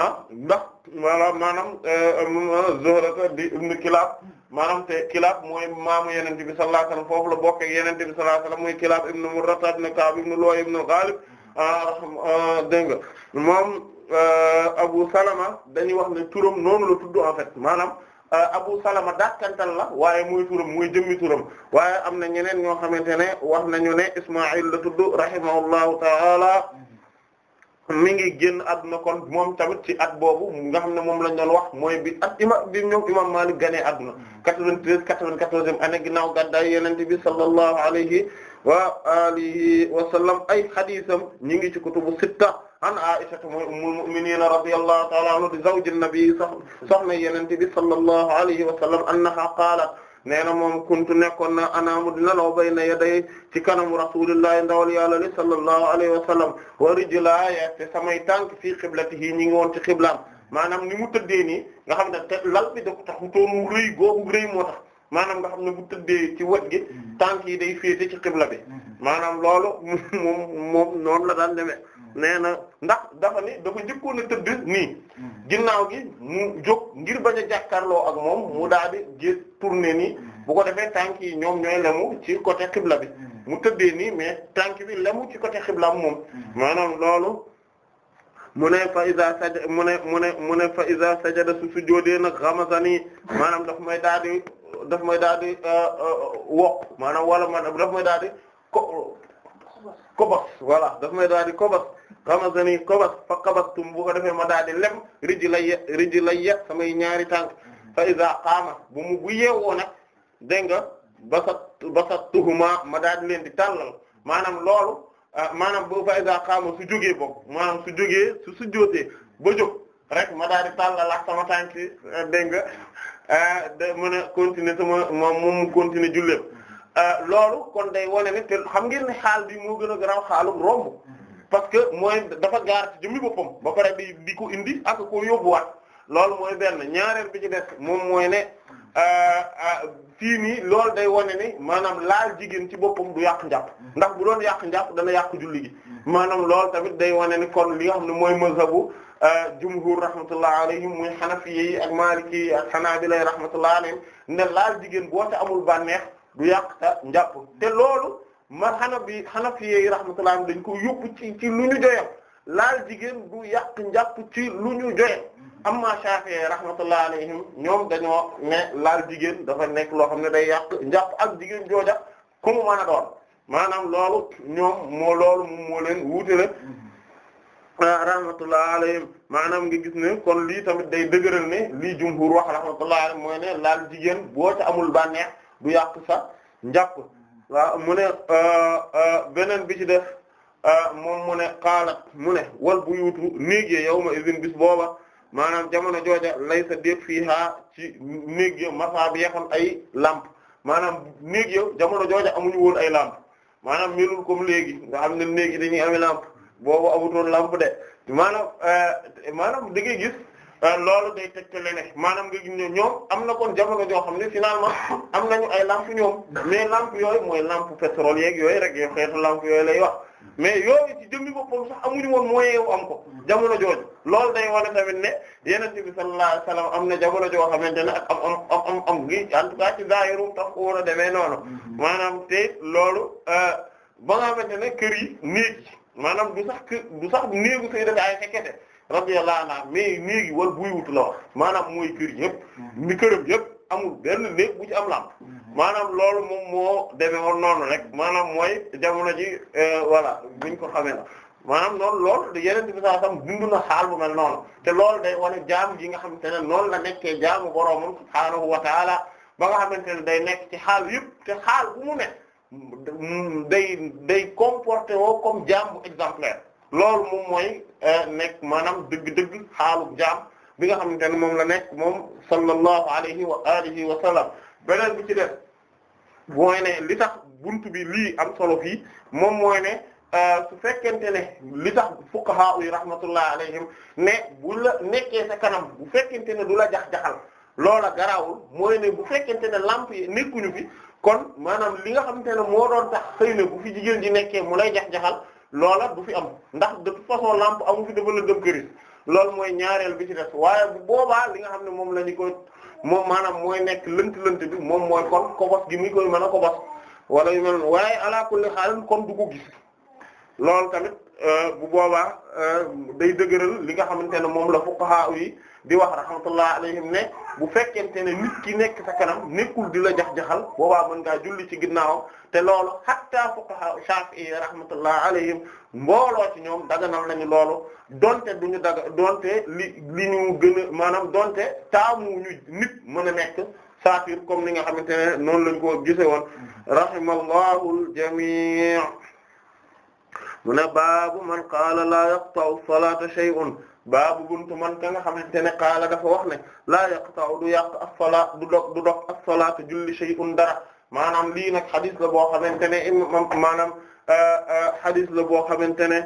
ah ndax maanaam maanaam euh, euh, Zuhrata di ibnu Kilaab maanaam te Kilaab mooy maamu Yonent bi sallallahu alayhi wasallam la bokk ak Yonent bi sallallahu alayhi wasallam muy Kilaab ibnu Murrata ibnu Ka'b ibnu Lu'ay ibnu Ghalib ah, ah dégg nga moom euh, Abu Salama dañuy wax ne turam noonu la tudd en fait maanaam Abu Salama dàkkantal la waaye muy turam muy jëmmi turam waaye am na ñeneen ñoo xamante ne wax nañu ne Ismaa'il la tudd rahimahullahu ta'ala mi ngi génn àdduna kon moom tamit ci at boobu nga xam moom lañ doon wax mooy bi at imam bi ñoom imam Malik ganee àdduna 93 mm-hmm. 94e année ginnaaw gàddaay Yonent bi sallallahu alayhi wa alihi wa sallam ay hadisam ñi ngi ci kutubu sitta an Aisha mooy ummul mu'minin radiyallahu ta'ala anha di zawj an-nabi soxna Yonent bi sallallahu alayhi wa sallam annaha qalat nee na moom kuntu nekkoon na anaamu di nelaw bay na yaday ci kanamu rasulillahi ndawal yàlla li sallallahu alayhi wa sallam wa rijlaaya te samay tànk fii xiblatihi ñi ngi woon ci xiblaam maanaam ni mu tëddee nii nga xam ne te lal bi da ko tax mu toon rëy googu rëy moo tax maanaam nga xam ne bu tëddee ci wet gi mm-hmm. tànk yi day féete ci xibla bi mm-hmm. maanaam loolu (laughs) moom moom noonu la daan demee nee na ndax dafa ni dafa njëkkoon a tëdd nii hmm. ginnaw gi mu jóg ngir bañ a jàkkaarloo ak moom mu hmm. daal di gis tourner nii hmm. bu ko defee tànk yi ñoom ñooy lemu ci côté xibla bi mu tëddee nii mais tànk bi lemu ci côté xibla moom maanaam loolu mu ne fa iza sajada mu ne mu ne mu ne fa iza sajada su maanaam daf may daal daf may daal di euh, euh, wokk maanaam wala man daf may daal di ko kobos voilà daf may daal di kobos ko kobas fa kabastum bu ko defee ma daal di lem rijlayya rijlayya samay ñaari tànk fa iza qaama bu mu bu yeewoo nag dégg nga basat basattuhuma ma daal di leen di tàllal maanaam loolu ah, maanaam bu fa iza qaama su jógee bokk maanaam su jógee su su jootee ba jóg rek ma daal di sama tànk yi dégg nga ah, da mën a continuer sama moom continue continuer julleem ah, loolu kon day wane ne xam ngeen ne xaal bi moo gën a garaaw xaalum romb parce que mooy dafa gaar ci jëmmi boppam ba pare di di ko indi ak ko yóbbuwaat lool mooy benn ñaareel bi ci des moom mooy ne euh, euh, fii nii lool day wane ni maanaam laal jigéen ci boppam du yàq njàpp ndax bu doon yàq njàpp dana yàq julli gi maanaam loolu tamit day wane ni kon li nga xam ne mooy mazhabu euh, jumhur rahmatullah alayhim muy xanafiye yi ak maliki yi ak xanaabila rahmatullah alayhim ne laal jigéen boo te amul bànneex du yàq ta njàpp te loolu ma Hanafi Hanafi yi rahmatullah dañ ko yóbbu ci ci lu ñu doyal laal jigéen du yàq njàpp ci lu ñu doyal amma Shafi'i rahmatullah alayhim ñoom dañoo ne laal jigéen dafa nekk loo xam ne day yàq njàpp ak jigéen jooja ku mu doon maanaam loolu ñoom moo loolu moom moo leen wuute la mm-hmm. ah, alayhim maanaam nga gis ne kon lii tamit day dëgëral ne lii jumhur wax rahmatullah alayhim moo ne laal jigéen boo ca amul bànneex du yàq sa njàpp waaw mu ne euh, euh, beneen bi ci def euh, moom mu ne xaalat mu ne wal buyuutu néeg ya yawma izin bis booba maanaam jamono jooja laysa fii fiihaa ci néeg ya masaabiihun ay làmp maanaam néeg ya jamono jooja amuñu woon ay lampe maanaam melul comme léegi nga xam ne néeg yi dañuy amee lampe boobu amutoon lampe de maanaam maanaam gis Euh, loolu day tegtale ne maanaam nga gis ne ñoom am na kon jamono joo xam ne finalement am nañu ay lamp ñoom mais lamp yooyu mooy lamp pétrole yeeg yooyu rek yo xeetu yooyu lay wax mais yooyu ci jëmmi boppam sax amuñu woon moyen wu am ko jamono jooju loolu day wane tamit ne yenente bi sallallahu alayhi am na jamono joo xamante ne ak am am am am am gi en ci zahiru tax wóor a demee noonu maanaam te loolu euh, ba nga xamante ne kër yi néeg maanaam du sax kë du sax néegu say dafay xekkete radiyallahu anha mais néegi wal buy wutu la wax maanaam mooy kër yëpp mm-hmm. ni këram yëpp amul benn néeg bu ci am lam mm-hmm. maanaam loolu moom moo demee woon noonu rek maanaam mooy jamono ji wala euh, buñ ko xamee la maanaam noonu loolu yeneen bi saa na xaal bu mel noonu te loolu day wane jaam ji nga xamante ne noonu la nekkee jaamu boroomam subhaanahu wa taala ba nga xamante ne day nekk ci xaal yëpp te xaal bu mu nekk day day comporté woo comme jaam bu exemplaire loolu moom mooy Eh, nekk maanaam dëgg-dëgg xaalu jaam bi nga xamante ne moom la nekk moom sallallahu alayhi wa alihi wa sallam beneen bu ci def mooy ne li tax buntu bi lii am solo fii moom mooy ne eh, su fekkente ne li tax fuqaha yi rahmatullah alayhim ne bu la nekkee sa kanam bu fekkente ne du la jax-jaxal loola garaawul mooy ne bu fekkente ne lamp yi nekkuñu fi kon maanaam li nga xamante ne moo doon tax xëy na bu fi jigéen ji nekkee mu lay jax-jaxal loola du fi am ndax de toute façon lampe amu fi dafa la dem këris loolu mooy ñaareel bi ci def waaye bu boobaa li nga xam ne moom la ñu ko moom maanaam mooy nekk lënt-lënt bi moom mooy kon kobos gi mi koy mën a kobos wala yu mel waaye ala kulli xaal kon du ko gis loolu tamit Euh, bu boobaa euh, day dëgëral li nga xamante ne moom la fuqaha yi di wax rahmatullah alayhim ne bu fekkente ne nit ki nekk sa kanam nekkul di la jax-jaxal boobaa mën ngaa julli ci ginnaaw te loolu hatta fuqaha shafi'i rahmatullah alayhim mbooloo ci ñoom daganal nañu loolu donte duñu daga donte li li ñu gën a maanaam donte taamu ñu nit mën a nekk saatir comme ni nga xamante ne noonu lañ ko gise woon mm-hmm. rahimallahu mu ne baabu man qaala laa yaqta'u salaata shay'un baabu buntu man ka nga xamante ne qaala dafa wax ne laa yaqta'u du yàq as-salaat du dog du dog as-salaata julli shay'un dara maanaam lii nag xadis la boo xamante ne maanaam euh, euh, xadis la boo xamante ne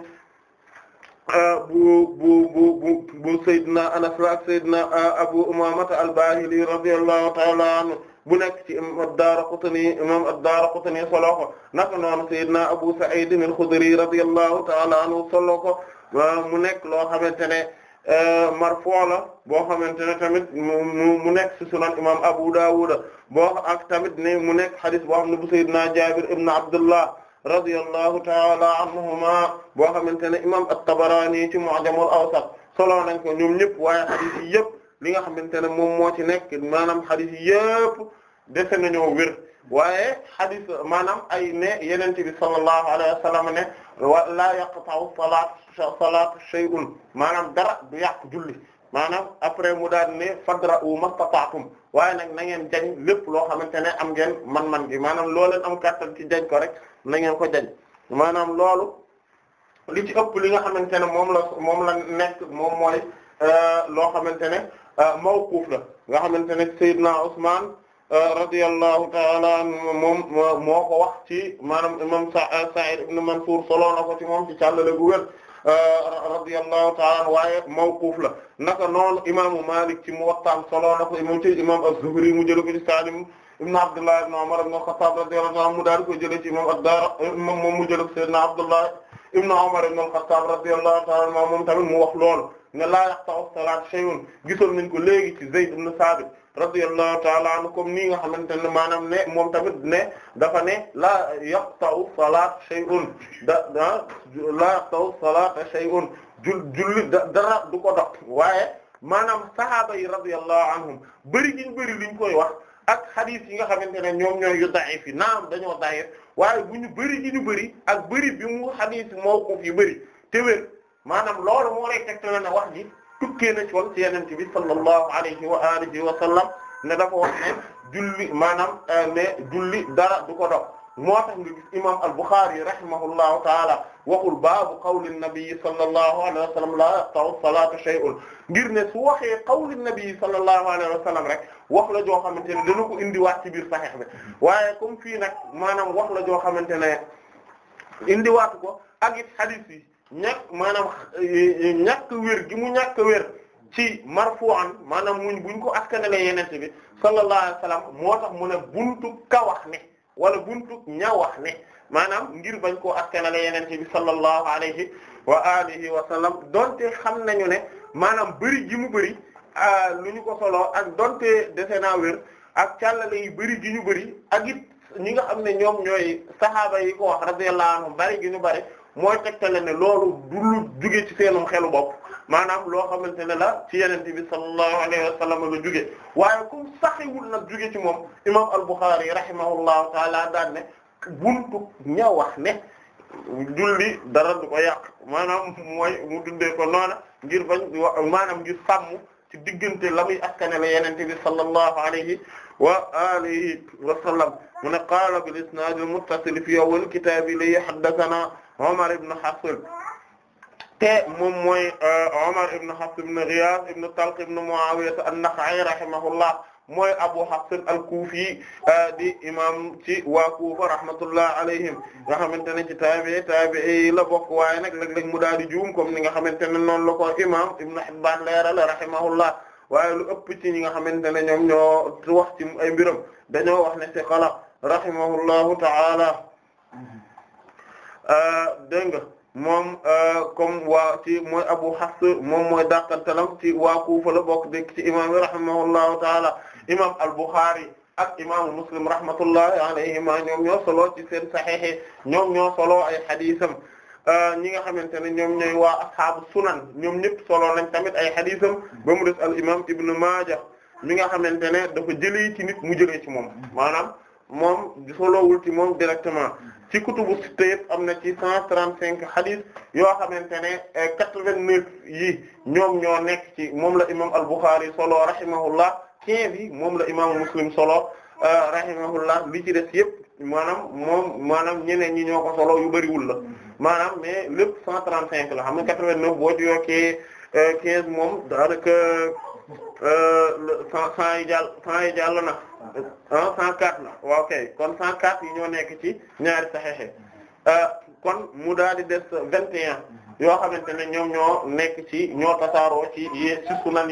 euh, bu bu bu bu bu Seydina Anas la ak Seydina Abu Umaamata al-Baahili radiyallahu ta'ala anhu bu nekk ci imam ad-Daaraqutni imam ad-Daaraqutni solo ko naka noonu sayyidina Abu Sa'id al-Khudri radiyallahu ta'ala anhu solo ko mu nekk loo xamante ne euh, marfu' la boo xamante ne tamit mu nekk ci sunan imam Abu Dawud boo ak tamit ne mu nekk hadith boo xam ne bu sayyidina Jaabir ibn Abdullah radiyallahu ta'ala anhuma boo xamante ne imam at-Tabarani ci Mu'jam al-Awsat solo nañ ko ñoom ñëpp waaye hadith yëpp li nga xamante ne moom moo ci nekk maanaam hadith yi dese nañoo wér waaye xadis maanaam ay ne yeneen bi sallallahu alayhi wa sallam ne la yaqta'u salaatu salaatu shay'un maanaam dara du yàq julli maanaam après mu daan ne fadra'u mastata'tum waaye nag na ngeen jañ lépp loo xamante ne am ngeen man-man gi maanaam loo leen am kàttan ci jañ ko rek na ngeen ko jañ maanaam loolu li ci ëpp li nga xamante ne moom la moom la nekk moom mooy euh, loo xamante ne euh, mawquf la nga xamante ne Seydina Usmaan radiyallahu ta'ala anhu moom moo ko wax ci maanaam imam euh, Sa'id ibn Mansur solo na ko ci moom ci càllale gu wér euh, radiyallahu ta'ala anhu waaye mawquf la naka noonu imaamu Malik ci Muwatta solo na ko moom ci imam az-Zuhri mu jël ko ci Salim ibn Abdullah ibn Umar ibn al-Khattab radiyallahu anhu mu daal ko jëlee ci imam ad-Dar moom mu jël ko Sayyidina Abdullah ibn Umar ibn al-Khattab radiyallahu ta'ala anhu moom tamit mu wax loolu ne la yaqta'u as-salata shay'un gisoon nañ ko léegi ci Zayd ibn Sabit radiyallahu ta'ala anhu comme nii nga xamante ne maanaam ne moom tamit ne dafa ne la yaqta'u salata shay'un da da la yaqta'u salata shay'un jul dara du ko dox waaye maanaam sahaaba yi radiyallahu anhum bëri giñ bëri liñ koy wax ak xadis yi nga xamante ne ñoom ñooy yu da'if naam dañoo da'if waaye bu ñu bëri gi ñu bëri ak bëri bi mu xadis mawquf yi bëri te wér maanaam loolu moo lay tegtale na wax ji tukkee na ci woon ci yenente bi sallallahu alayhi wa alihi wa sallam ne dafa wax ne julli maanaam euh, ne julli dara du ko dox moo tax nga gis imam al-Bukhari rahimahullahu taala waxul baabu qawli nabi sallallahu alayhi wa sallam la yaqta'u salata shay'un ngir ne su waxee qawli nabi sallallahu alayhi wa sallam rek wax la joo xamante ne dana ko indiwaat ci biir Sahih bi waaye comme fii nag maanaam wax la joo xamante ne indiwaatu ko ak it ñàkk maanaam eh, eh, ñàkk wér gi mu ñàkk wér ci marfu'an maanaam muñ buñ ko askanale yenente bi sallallahu alayhi wasallam moo tax mu ne buntu ka wax ne wala buntu ña wax ne maanaam ngir bañ koo yeneen yenente bi sallallahu alayhi wa alihi wa sallam donte xam nañu ne maanaam bëri ji mu a ah, lu ñu ko soloo ak donte dese naa wér ak càllale yi bëri ji ñu bëri ak it ñi nga xam ne ñoom ñooy sahaaba yi ko wax radiyallahu anhum bari gi ñu bari mooy tegtale ne loolu du lu jugee ci seenum xelu bopp maanaam loo xamante ne la ci yeneen bi sallallahu alayhi wa sallam la jugee waaye comme saxiwul nag jugee ci moom imam al-Bukhari rahimahullahu taala daan ne buntu ña wax ne julli dara du ko yàq maanaam mu tuddee ko noona ngir bañ maanaam ngir sàmm ci diggante la muy askane la yenente bi sallallahu alayhi wa alihi wa sallam mu ne qaala bil isnaad al muttasil fi awwal kitaab li haddathana Omar ibn Hafs moom mooy euh, Omar ibn Hafs ibn Ghiyath ibn Talq ibn Muawiya an mooy Abu Hafs al euh, di imam ci waa Kufa rahmatullah alayhim nga xamante ne ci taabi'i la bokk waaye nag léeg-léeg mu daal di juum kom ni nga xamante ne noonu la ko imam Ibn Hibban leerale rahimahullah waaye lu ëpp ci ñi nga xamante ne ñoom ñoo wax ci ay mbiram dañoo wax ne ci xala rahimahullahu ta'ala Euh, dégg nga moom euh, comme waa ci mooy Abu Hafs moom mooy dàqantalam ci waa Kufa la bokk dëkk ci imaam yi rahimahullahu taala imaam al-Bukhari ak imaamu Muslim rahmatullahi alayhima ñoom ñoo solo ci seen saxiix ñoom ñoo solo ay xadiisam euh, ñi nga xamante ne ñoom ñooy waa ashaabu sunan ñoom ñëpp solo nañ tamit ay xadiisam ba mu des al imaam Ibn Maaja mi nga xamante ne dafa jëlee ci nit mu jëlee ci moom maanaam moom solowul ci moom directement ci kutubu sitta yëpp am na ci cent trent cinq hadith yoo xamante ne eh, quatre-vingt-neuf yi ñoom ñoo nekk ci moom la imam al-Bukhari solo rahimahullah quinze yi moom la imam Muslim solo eh, rahimahullah li ci des yëpp maanaam moom maanaam ñeneen ñi ñoo ko solo yu bëriwul la maanaam mais lépp cent trente-cinq la xam ne quatre-vingt-neuf boo ci yokkee eh, quinze moom daanaka cent yi jàll cent yi jàll na ah 104 la waaw kay kon 104 yi ñoo nekk ci ñaari saxeexe euh, kon mu daal di des 21 yoo xamante ne ñoom ñoo nekk ci ñoo tasaaroo ci yee ci sunan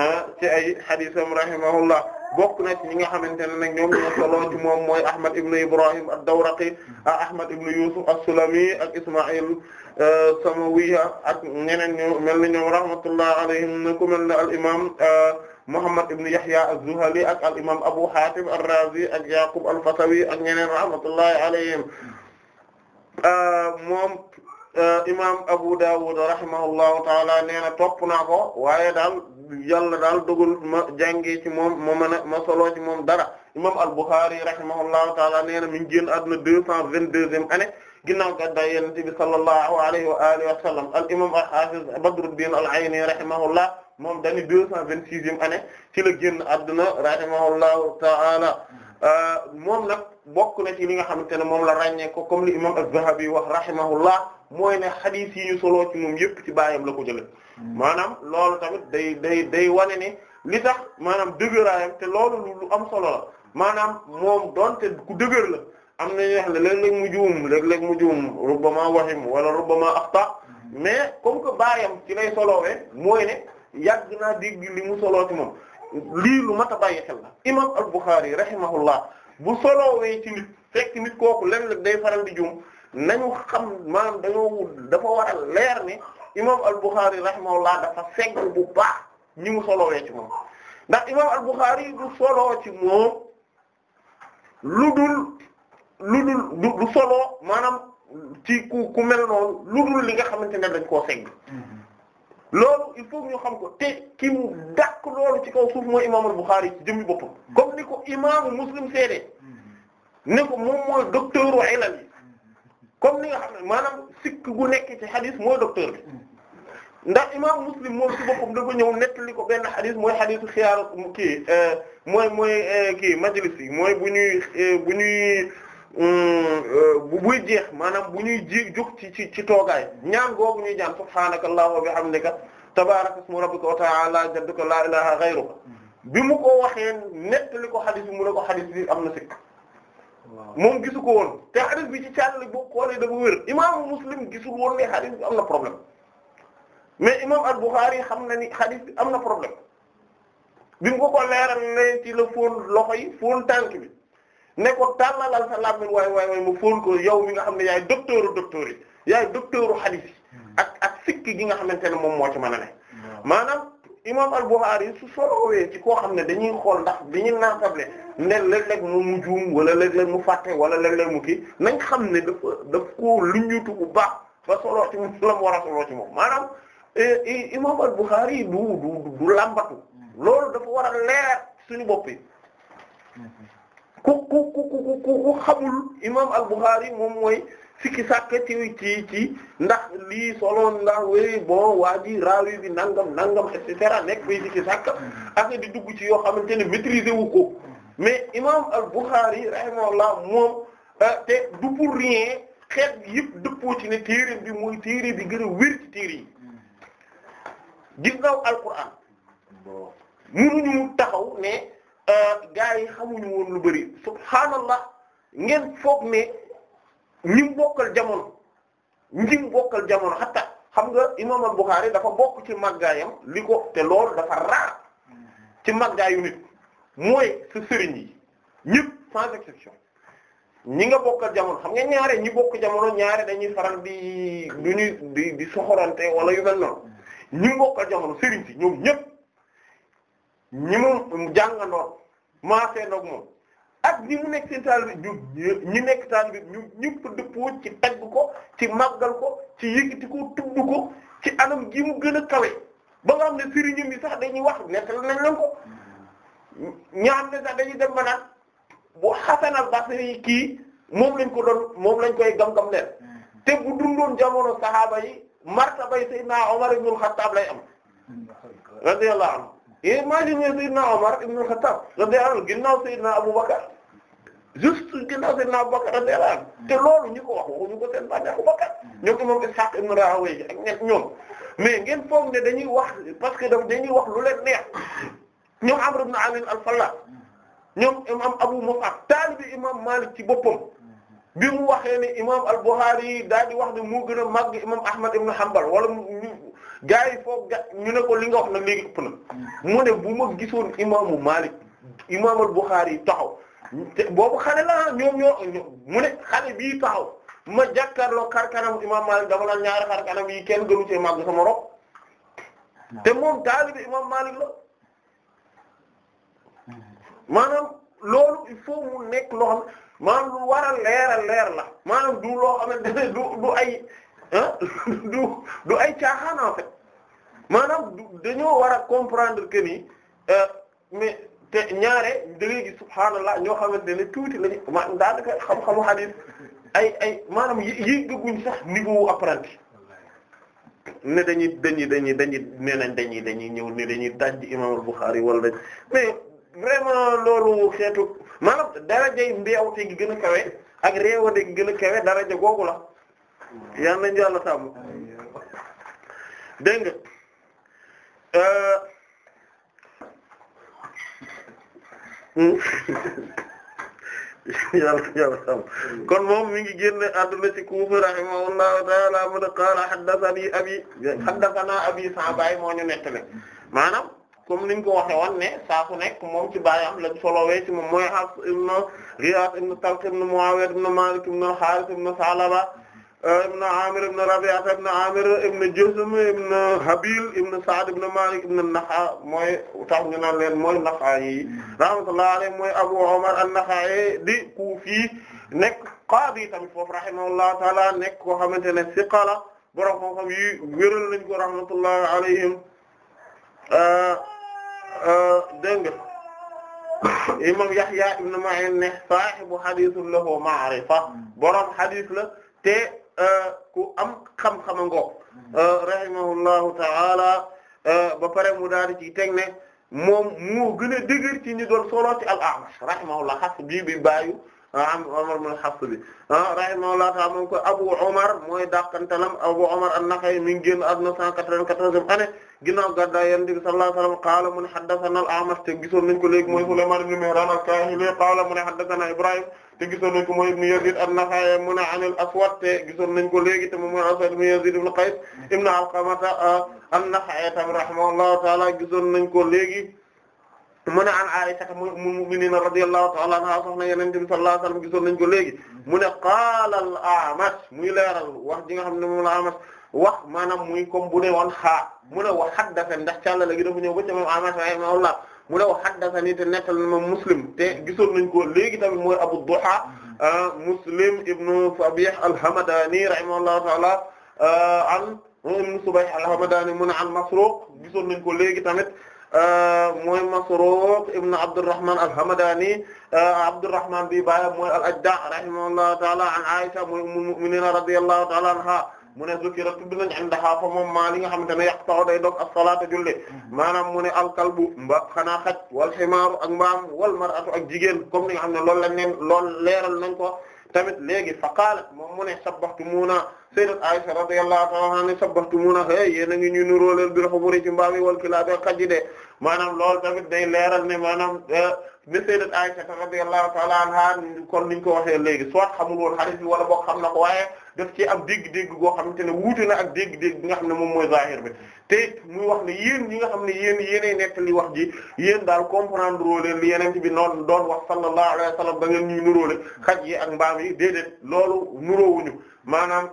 euh, ci ay xadiisam rahimahullah bokk na ci ñi nga xamante ne nag ñoom ñoo solo ci moom mooy Ahmad ibn Ibrahim ad-Dawraqi ak Ahmad ibn Yusuf as-Sulami ak Isma'il euh, Samawiya ak ñeneen ñu mel ni ñoom rahmatullah alayhim ku mel ne al imam Muhammad ibn Yahya az-Zuhali ak al imam Abu Hatim ar-Razi ak Yaqub al-Fatawi ak ñeneen rahmatullahi alayhim euh, moom euh, imam Abu Dawud rahimahullahu taala nee na topp naa ko waaye daal yàlla daal dogal ma jàngee ci moom ma mën a ma soloo ci moom dara imam al-Bukhari rahimahullahu taala nee na mi ngi génn àdduna deux cent vingt-deuxième année ginnaaw gàddaay Yonent bi sallallahu alayhi wa alihi wa sallam al imam al-Hafiz Badruddin al-Ayni rahimahullah moom dañu deux cent vingt sixième année ci la génn adduna rahimahullahu ta'ala euh, moom na bokk na ci li nga xamante ne moom la ràññee ko comme li imam az-Zahabi wax rahimahullah mooy ne xadiis yi ñu soloo ci moom yëpp ci baayam la ko jële maanaam loolu tamit day day day wane ne li tax maanaam dëgëraayam te loolu lu am solo la maanaam moom doonte ku dëgër la am na ñuy wax ne léeg-léeg mu juum léeg-léeg mu juum rubbama wahim wala rubbama axta mm-hmm. mais comme que baayam ci lay solowee mooy ne yàgg naa dégg li mu soloo ci moom lii lu mat a bàyyi xel la imam al-Bukhari rahimahullah bu solowee ci nit fekk nit kooku lenn la day faral di juum nañu xam maanaam dañoo dafa war a leer ne imam al-Bukhari rahimahullah dafa segg bu baax ñi mu solowee ci moom ndax imam al-Bukhari du soloo ci moom lu dul lu dul du soloo maanaam ci ku ku mel noonu lu dul li nga xamante ne dañ koo segg mm-hmm. loolu il faut ñu xam ko te ki mu dàq loolu ci kaw suuf mooy imaamul Bukhari ci jëmmi boppam comme ni ko imaamu Muslim seede ne ko moom mooy docteur u ilal yi comme ni nga xam ne maanaam sikk gu nekk ci xadis mooy docteur bi ndax imaamu Muslim moom ci boppam dafa ñëw nettali ko benn xadis mooy xadisu xiyaar kii euh, mooy mooy euh, ki majlis yi mooy bu ñuy euh, bu ñuy Euh, bu buy jeex maanaam bu ñuy ji jóg ci ci ci toogaay ñaan googu ñuy ñaan subhaanaka allahumma wa bihamdika tabaaraka ismu rabbika wa ta'aala jadduka laa ilaaha ghayruka bi mu ko waxee nettali ko xadis bi mu ne ko xadis bi am na sikk moom gisu ko woon te xadis bi ci caalali boo xoolee dafa wér imaamu muslim gisul woon ne xadis bi am na problème mais imam al-Bukhari xam na ni xadis bi am na problème bi mu ko ko leeral ne ci la fóon loxo yi fóon tànk bi ne ko tàllalal sa làmmiñ waay waay waay mu ko yow mi nga xam ne yaay docteuru docteur yi yaay docteuru hadith yi hmm. ak ak sikki gi nga xamante ne moom moo ci mën a ne hmm. maanaam imam al-Bukhari su solowee ci koo xam ne dañuy xool ndax dañuy naatable ne léeg-léeg moom mu wala léeg mu fàtte wala léeg mu kii nañ xam ne dafa daf ko luñutu bu baax ba soloo ci (laughs) war a soloo ci moom maanaam e, imam al-Bukhari du du làmbatu hmm. loolu dafa war a leer suñu bopp yi ku ku ku ku xamul imam al-Bukhari moom mooy sikki sàkk ci ci ci ndax lii soloon ndax wéy bon waa ji raawi bi nangam nangam et cetera nekk bay sikki sàkk mm-hmm. ak di dugg ci yoo xamante ne maîtriser wu ko mm-hmm. mais imam al-Bukhari rahimahullah moom euh, te du pour rien xeet yëpp dëppoo ci ne téere bi mooy téere bi gën a wér ci téere yi mm-hmm. gis naaw al-Qur'an mënuñu taxaw ne Euh, gaa yi xamuñu woon lu bari subhaanallah ngeen foog ne ñi bokkal jamono ñi mu bokkal jamono hatta xam nga imam al-Bukhari dafa bokk ci màggaayam li ko te lool dafa raar ci màggaayu nit mooy sa sëriñ yi ñëpp sans exception ñi nga bokkal jamono xam nga ñaare ñi bokk jamono ñaare dañuy faral di du ñuy di di soxorante wala yu mel noonu ñi bokkal jamono sëriñ si ñoom ñëpp. ñi mu jàngandoor maasee ndoog moom ak ñi mu nekk seen taalibe ñu ñi nekk taalibe ñu ñëpp dëppoo ci tagg ko ci màggal ko ci yëkkati ko tudd ko ci anam gi mu gën a kawe ba nga xam ne sëriñam yi sax dañuy wax nekk nañ leen ko ñaam ne sax dañuy dem ba naan bu Hasan al kii moom lañ ko doon moom lañ koy gam-gam leen te bu dundoon jamono saxaaba yi martabay Sayyidina Umar ibn al-Khattab lay am radiyallahu am et imagine Seydina Omar ibn al-Khattab radiyallahu anhu ginnaaw Seydina Abu Bakar juste ginnaaw Seydina Abu Bakar radiyallahu anhu te loolu ko wax waxuñu ko seen bànneexu Bakar ñoo ko moom Ishaq ibn Rahawayh ak ñoom mais ngeen foog ne dañuy wax parce que dañuy wax lu leen neex ñoom Amr ibn Amin al ñoom imam Abu Mus'ab taalibi imam Malik ci boppam bi mu waxee ne imam al-Bukhari daal di wax ne moo gën a màgg imam Ahmad ibn gars yi foog ga ñu ne ko li nga wax nag léegi ëpp na mu ne bu ma gisoon imaamu Malik imaamul Bukhari yi taxaw boobu xale la ah, ñoom ñoo mu ne xale bii taxaw ma jàkkaarloo xarkanam imaam Malik dama naan ñaari xarkanam yi kenn gënu ci màgg sama rob te moom taalibi imaam Malik la maanaam loolu il faut mu nekk loo xam maanaam lu war a leeral leer la maanam du loo xamante du ay Ah, (laughs) du du ay caaxaan en fait maanaam dañoo war a comprendre que yi euh, mais te ñaare da léegi subhaanallah ñoo xamante ne tuuti lañu ma daanaka xam-xamu hadith ay ay maanaam yëggaguñ sax niveau apprenti ne dañuy dañuy dañuy dañuy nee nañ dañuy dañuy ñëw ne dañuy daj imam al-Bukhari wala dañ mais vraiment loolu xeetu maanaam darajay mbeewte gi gën a kawe ak réewate gi gën a kawe daraja googu la yal nañu yàlla sàmm dégg eh, (laughs) kon moom mi ngi génn adduna ci Kufa rahimahullahu ta'ala mu ne qaala haddathani abi haddathana abi Sa'ba moo ñu nettali niñ ko waxe woon ne moom ci baayam lañ solowee moom mooy Hafs ibn Ghiyath ibn Talq ibn Mu'awiya ibn Malik ibn al-Harith ibn ibn Amir ibn Rabi'a ibn Amir ibn Juzam ibn Habil ibn Sa'd ibn Malik ibn Nakha mooy tax ñu naan leen mooy Nakha'i rahmatullahi alayhi mooy Abu Umar an-Nakha'i di Kufi nekk qaadi tamit foofu rahimahullahu ta'ala nekk koo xamante ne siqa la borom xam-xam yi wéral nañ ko rahmatullahi alayhim dégg nga imam Yahya ibn Ma'in ne saahibu hadithun lahu ma'rifa borom hadith la te. ku am xam-xama ngoo rahimahullahu taala ba pare mu daal di ci teg ne moom moo gën a dëgër ci ñu doon solo ci al-A'mash rahimahullah xas bii bi bàyyu am ah, Umar ibn Hafs bi ah, rahimahullah ta'ala moom ko Abu Umar mooy dàqantalam Abu Umar an-Nakha'i mi ngi génn àdduna 194e année ginnaaw gàddaay Yonent bi sallallahu alayhi wa sallam qaala mu ne haddathana al-A'mash te gisoon nañ ko léegi mooy Sulaymaan ibn Mihraan al-Kaahili qaala mu ne haddathana Ibrahim te gisoon nañ ko mooy ibn Yazid an-Nakha'i mu ne anil Aswad te gisoon nañ ko léegi te moom mooy Aswad ibn Yazid ibn Qays ibn Alqamata an-Nakha'i tam rahimahullahu ta'ala gisoon nañ ko léegi mu ne an Aisha ummul mu'minin radiyallahu ta'ala anha soxna Yonent bi sallallahu alayhi wasallam gisoon nañ ko léegi mu ne mu al-A'mash muy leeral wax ji nga xam ne moom la A'mash wax maanaam muy comme bu ne woon xaa mu ne wa haddatha ndax càlla la gi dafa ñëw ba ca moom A'mash rahimahullah mu ne wa haddathani te nettal na ma muslim te gisoon nañ ko léegi tamit mooy Abu Duha ah, muslim ibnu Sabih al-Hamadani rahimahullahu ta'ala ah, an ibnu Subayh al-Hamadani mu ne an Masruq gisoon nañ ko léegi tamit ah, mooy Masruq ibnu Abdurrahman al-Hamadani Abdurrahman bi baayam mooy al-Ajda' rahimahullahu ta'ala an Aisha mooy ummul mu'minin radiyallahu ta'ala anha mu ne zukira tudd nañ indahaa fa moom maa li nga xamante ne yaqta'u day dog as a julli maanaam mu ne alkalbu mba xanaa xaj wal ximaaru ak mbaam wal mar'atu ak jigéen kom ni nga xam ne loolu lañ leen lool leeral nañ ko tamit léegi fa qaalat moom mu a sabbahtumuuna sayyidat Aisha radiyallahu ta'ala anha sabbahtumuuna hey yéen a ngi ñu nuróoleel bi xuburi ci mbaam yi wal kilaabi ak xaj yi de maanaam loolu tamit day leeral ne maanaam eh, ne sayyidat Aisha radiyallahu ta'ala anha kon niñ ko waxee léegi soit xamul woon hadith bi wala bo xam na ko waaye daf ci am dégg-dégg goo xamante ne wuute na ak dégg-dégg bi nga xam ne moom mooy zahir bi te muy wax ne yéen ñi nga xam ne yéen yéenay nekk li wax ji yéen daal comprendre loo leen li yeneen bi noonu doon wax sallallahu alayhi wa sallam da ngeen ñuy nuróole xaj yi ak mbaam yi déedéet loolu nuróowuñu maanaam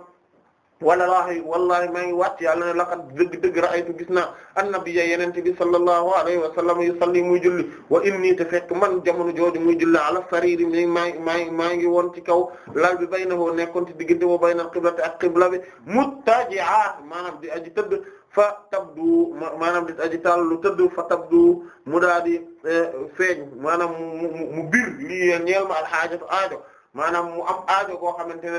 walaahi wallaahi maa ngi wàcc yàlla ne laqad dëgg dëgg ra'aytu gis naa annabiyya yenente bi sallallahu alayhi wa sallam yusalli muy julli wa inni te fekk man jamono jooju muy julli ala sariri mi maa ngi maa ngi maa ngi woon ci kaw lal bi baynahoo nekkoon ci diggante boo baynal qiblati ak qibla bi muttaji'a maanaam di aji tëdd fa tabdu maanaam di aji tàll lu tëdd fa tabdu mu daa di eh, feeñ maanaam mu mu bir lii ñeel ma alxaajatu aajo maanaam mu am aajo goo xamante ne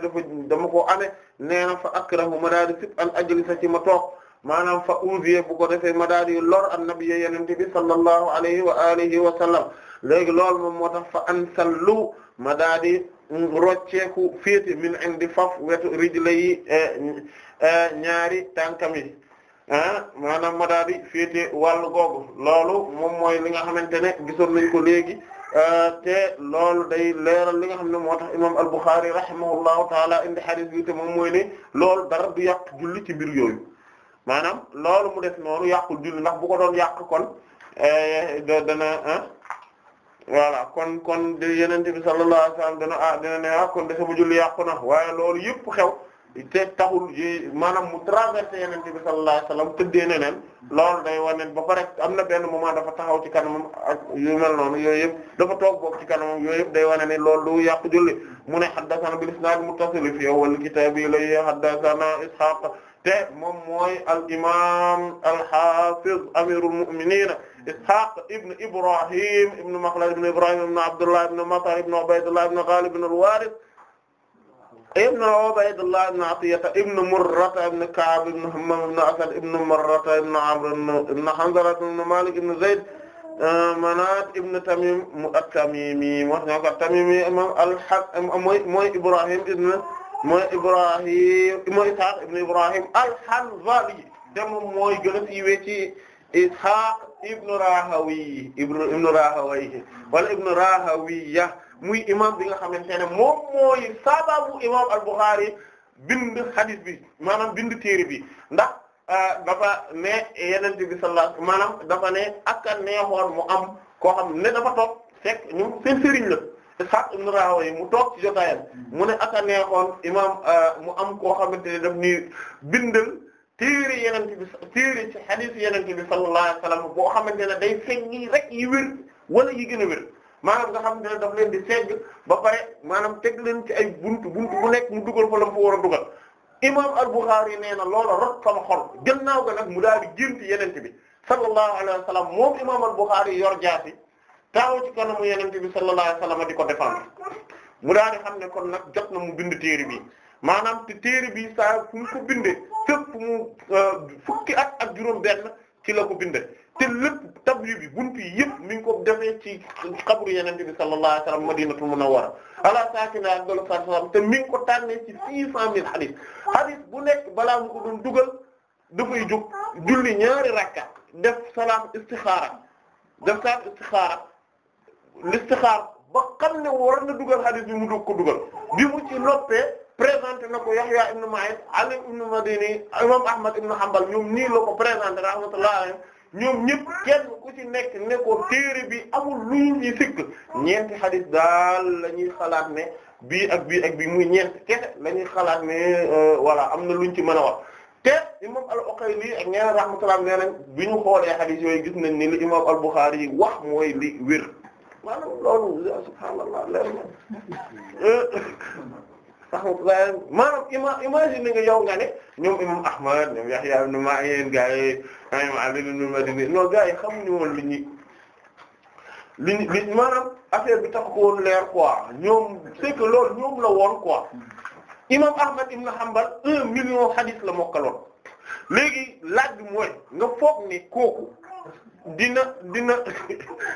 dama koo amee nee na fa akrahu ma daal di sib an ajlisa ci ma toog maanaam fa uvier bu ko defee ma daal di lor annabi yonent bi sallallahu alayhi wa alihi wa sallam léegi lool moom moo tax fa ansallu lu daal di rocceeku féete min indi faf wetu rijla yi e, e, ñaari tànkam yi ah maanaam ma daal di féete loolu moom mooy li nga xamante ne gisoon nañ ko léegi Euh, te loolu day leeral li nga xam ne moo tax imam al-Bukhari rahimahullahu taala indi hadith bi te moom mooy ne loolu dara du yàq julli ci mbir yooyu maanaam loolu mu def noonu yàqul julli ndax bu ko doon yàq kon eh, dana ah, voilà kon kon yenente bi sallallahu alayhi wasallam dana ah dina ne ah, kon de sama julli yàqu na waaye loolu yëpp xew te taxul maanaam mu traversé yenente bi sallallahu alayhi wasallam tëddee neneen loolu day waneen ba pare am na benn moment dafa taxaw ci kanamam ak yu mel noonu yooyu yëpp dafa toog boog ci kanamam yooyu yëpp day wane ne loolu du yàqu julli mu ne haddathana bil isnad muttasil fi awwal kitab ilay haddathana ishaq te moom mooy al imam al hafiz amirul mu'minin ishaq ibn ibrahim ibn makhlad ibn ibrahim ibn abdullah ibn matar ibn ubaydullah ibn al warith ibn Ubaydullah ibn Atiyya ibn Murra ibn Ka'b ibn Hammam ibn Asad ibn Marra ibn Amr ibn Hanzala ibn Malik ibn Zayd euh, Manaat ibn Tamim at-Tamimi moo tax ñu ko at-Tamimi imam al mooy mooy Ibrahim ibn mooy Ibrahim mooy Ishaq ibn Ibrahim al-Hanzali dem mooy gën a siiwee ci Ishaq ibn Rahawi ibn Rahawi wala ibn Rahawiya muy imam bi nga xamante ne moom mooy sababu imam al-Bukhari bind hadith bi maanaam bind téere bi ndax euh, dafa ne yonent bi sallallahu maanaam dafa ne ak neexoon mu am koo xam ne dafa toog fekk ñu seen la Ishaq mu toog ci jotaayam mu ne ak euh, mu am koo xamante ne daf ñuy bindal téere yonent bi téere ci hadith bi sallallahu alayhi boo xamante ne day feeñ yi rek yi wér wala yi gën a wér maanaam nga xam ne daf leen di segg ba pare maanaam teg leen ci ay buntu buntu bu nekk mu dugal fa la mu war a dugal imam al-Bukhari nee na loola rot sama xol gannaaw ga nag mu daal di gént yenente bi sallallahu alayhi wa sallam moom imam al-Bukhari yor jaasi taaw ci kanamu yenente bi sallallahu alayhi wa sallam di ko défendre mu daal xam ne kon nag jot na mu bind téere bi maanaam ti téere bi saa fu mu ko bindee mu euh, fukki at ak juróom benn ci la ko bindee te lépp tabli bi buntu yi yëpp mi ngi ko defee ci xabru yenente bi sallallahu alayhi wasallam madinatul munawwara ala saakina afdalu salaatu wassalaam te mi ngi ko tànnee ci six cent mille hadith hadith bu nekk balaa mu ko doon dugal dafay jóg julli ñaari rakka def salaam istixaara def salaam istixaara l'istixaara ba xam ne war na dugal hadith bi mu dug ko dugal bi mu ci noppee présenté na ko Yahya ibn Ma'in Ali ibn Madini imam Ahmad ibn Hanbal ñoom nii la ko présenté rahmatullahi ñoom ñëpp kenn ku ci nekk ne téere bi amul lu ñu sikk ñeenti xadis daal la xalaat ne bii ak bi ak bi muy ñeenti kese la ñuy xalaat ne euh, voilà am na luñ ci mën a wax te imam al-Uqayli ak ñeneen rahmatullah nee nañ bi ñu xoolee xadis yooyu gis nañ ni li imam al-Bukhari yi wax mooy li wér maanaam loolu subhaanallah leer na euh, rahmatullah maanaam ima imagine nga yow nga ne ñoom imam Ahmad ñoom Yahya ibn Ma'in gaa yi imam Ali ibn Madini woon li ñuy li li maanaam affaire bi tax ko woon leer quoi ñoom c'est que ñoom la woon quoi imam Ahmad ibn Hanbal un million hadith la mokkaloon léegi laaj bi mooy nga foog ni kooku dina dina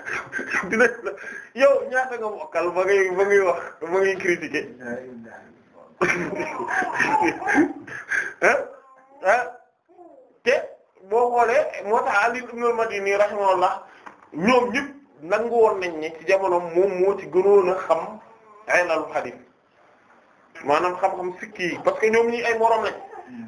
(laughs) dina ñaata nga mokkal ba ngay ba ngay wax ba ngay critiquer te boo xoolee moo tax Ali ibn nii madini rahimahullah ñoom ñëpp nangu nañ ni ci jamono moom moo ci gënoon xam ay lalu xadis maanaam xam-xam sikki yi parce que ñoom ñi ay morom lañ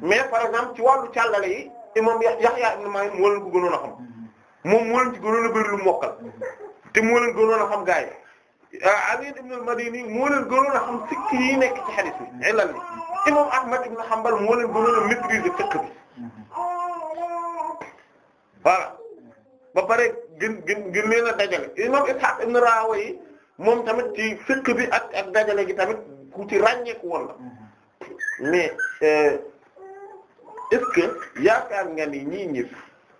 mais par exemple ci wàllu càllale yi imam Yahya ibn Ma'in moo leen ko gënoon xam mm-hmm. moom moo leen ci gënoon a lu mokkal mm-hmm. te moo leen gënoon a xam gaa yi Ali ibn al-Madini moo leen gënoon a xam sikk yi nekk ci hadith bi ilal ni imam Ahmad ibn Hanbal moo leen gënoon a maîtriser fiqh bi voilà ba pare gën gën gën leen a dajale imam Ishaq ibn Rahawayh moom tamit ci fiqh bi ak ak dajale gi tamit ku ci ràññeeku woon la mais euh, est-ce que yaakaar nga ni ñii ñëpp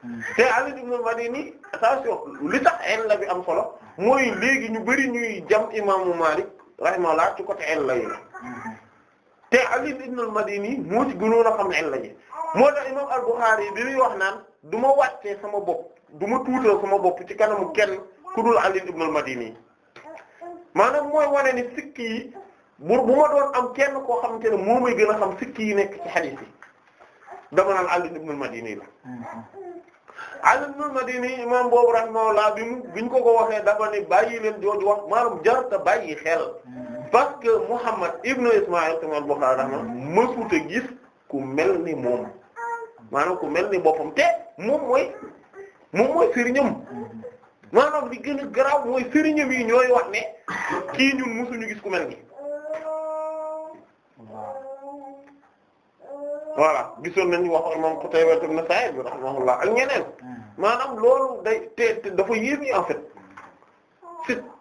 hmm. te Ali ibn al-Madini attention li tax illa bi am solo mooy léegi ñu bëri ñuy jam imaamu Malik rahimahullah ci côté illa yi te Ali ibn al-Madini moo ci gënoon a xam illa yi moo tax imam al-Bukhari bi muy wax naan du ma wàccee sama bopp du ma tuutal sama bopp ci kanamu kenn ku dul Ali ibn al-Madini maanaam mooy wane ni sikki yi bu bu ma doon am kenn koo xamante ne moo may gën a xam sikki yi nekk ci hadith yi dama naan Ali ibn al-Madini la Ali ibn al-Madini imam boobu rahimahullah bi mu biñ ko ko waxee dafa ni bàyyi leen jooju wax maanaam jarta bàyyi xel mm-hmm. parce que Muhammad ibn Ismaïl sama al-Bukhari rahma mm-hmm. mësuta gis ku mel ni moom maanaam ku mel ni boppam te moom mooy moom mooy sëriñam mm-hmm. maanaam li gën a garaaw mooy sëriñam yi ñooy wax ne kii ñun mësuñu gis ku mel ni voilà gisoon nañu wax moom Qutayba ibn Sa'id rahimahullah ak ñeneen hmm. maanaam loolu day te dafa yéem yi en fait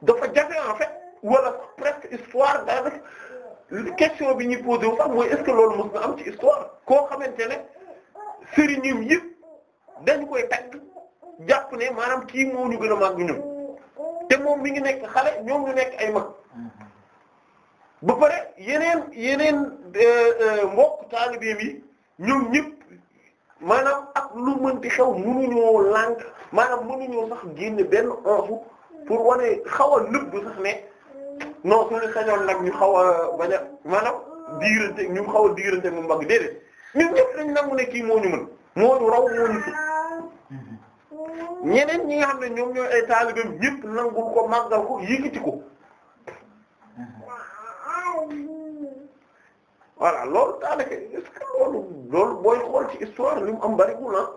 dafa jafe en fait wala presque histoire daanaka question bi ñi posé wu sax mooy est-ce que loolu mos na am ci histoire koo xamante ne sëriñam yëpp dañ koy tagg jàpp maanaam kii moo ñu gën a màgg ñun te moom mi ngi nekk xale ñoom ñu nekk ay mag. ba pare yeneen yeneen euh, euh, mbokk taalibeem yi ñoom ñëpp maanaam ak lu mënti xew mënuñoo lànk maanaam mënuñoo sax génne benn onfu pour wane xaw a nëbbu sax ne non suñu sañoon nag ñu xaw a bañ a maanaam diirante ñu xaw a diirante mu mbagg déedéet ñun ñëpp dañ nangu ne kii moo ñu mën moo raw moo ñu mm-hmm. ñeneen ñi nga xam ne ñoom ñooy ay taalibeem ñëpp nangul ko màggal ko ko. voilà loolu daanaka est-ce loolu loolu booy xool ci histoire li mu am bariwul ah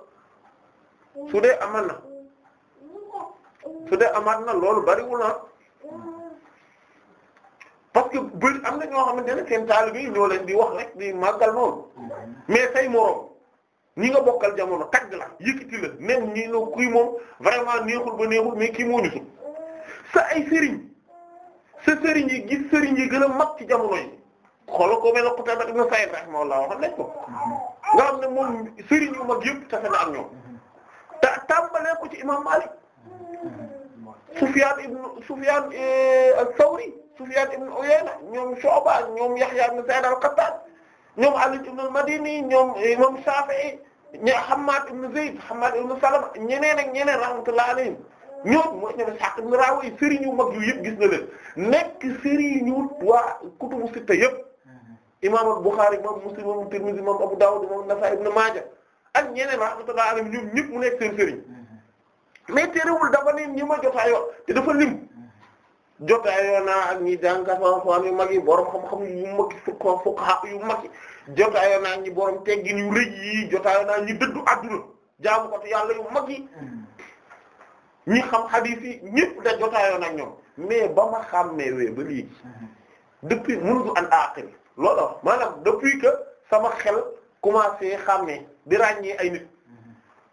su dee aman na su dee amaat na loolu bariwul ah parce que bu am na ñoo xamante ne seen taalibe yi ñoo leen di wax rek di màggal noonu mais tey moroom ni nga bokkal jamono tagg la yëkkati la même ñi no kuy moom vraiment neexul ba neexul mais kii moo ñu sa ay sëriñ sa sëriñ yi gis sëriñ yi gën a mag ci jamono yi. xoolal ko mel ne Qutaybah ibn Sa'id rahimahullah waxoon nañ ko nga xam ne moom sëriñ yu mag yëpp tafe na ak ñoom te tàmbalee ko ci imam Malik Sufyan ibn Sufyan eh, al-Thawri Sufyan ibn Uyayna ñoom Shu'ba ñoom Yahya ibn Sa'id al-Qattan ñoom Ali ibn al-Madini ñoom imam Shafi'i ñi Hammad ibn Zayd Hammad ibn Salama ñeneen ak ñeneen rahmatullahi alayhim ñoom mooy ñoom Ishaq ibn Rawi sëriñ yu mag yu yëpp gis na leen nekk sëriñu waa kutubu sitta yëpp imam Bukhari imam Muslim imam Tirmidhi imam Abu Dawud imam Nasa'i ibn Maaja ak ñeneen rahmatullahi alayhim ñoom ñëpp mu nekk seen sëriñ mais terewul dafa ne ñi ma jotaayoo te dafa lim jotaayoo naa ñi jàngat xam yu mag yi xam-xam yu mag jotaayoo naa ñi borom teggin xam hadith yi ba ma xàmmee ba mundu an aqil loolu maanaam depuis que sama xel commencé xàmmee di ràññee ay nit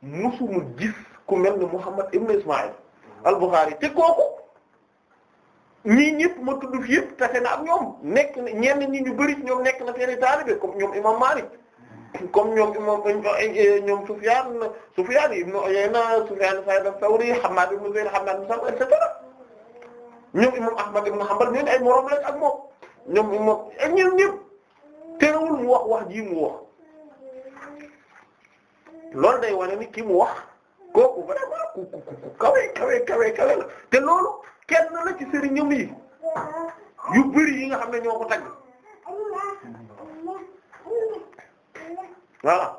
musuma gis ku mel ne Muhammad ibn Ismaïl al-Bukhari te kooku ñii ñëpp ma tudd fi yëpp tase na ak ñoom nekk na ñenn ñi ñu bari ñoom nekk na seeni taalibe comme ñoom imam Malik comme ñoom imam ñoom Sufyan Sufyan ibn Uyayna Sufyan Sa'id al-Thawri Hammad ibn Zayd Hammad ibn Salama et cetera ñoom imam Ahmad ibn Hanbal ñooñu ay moroom lañ ak moom. ñoom moom ak ñoom ñëpp teewul mu wax wax ji mu wax loolu day wane ni ki mu wax kooku vraiment ku ku ku kawe kawe kawe kawe la te loolu kenn la ci sëriñam yi yu bari yi nga xam ne ñoo ko tagg voilà.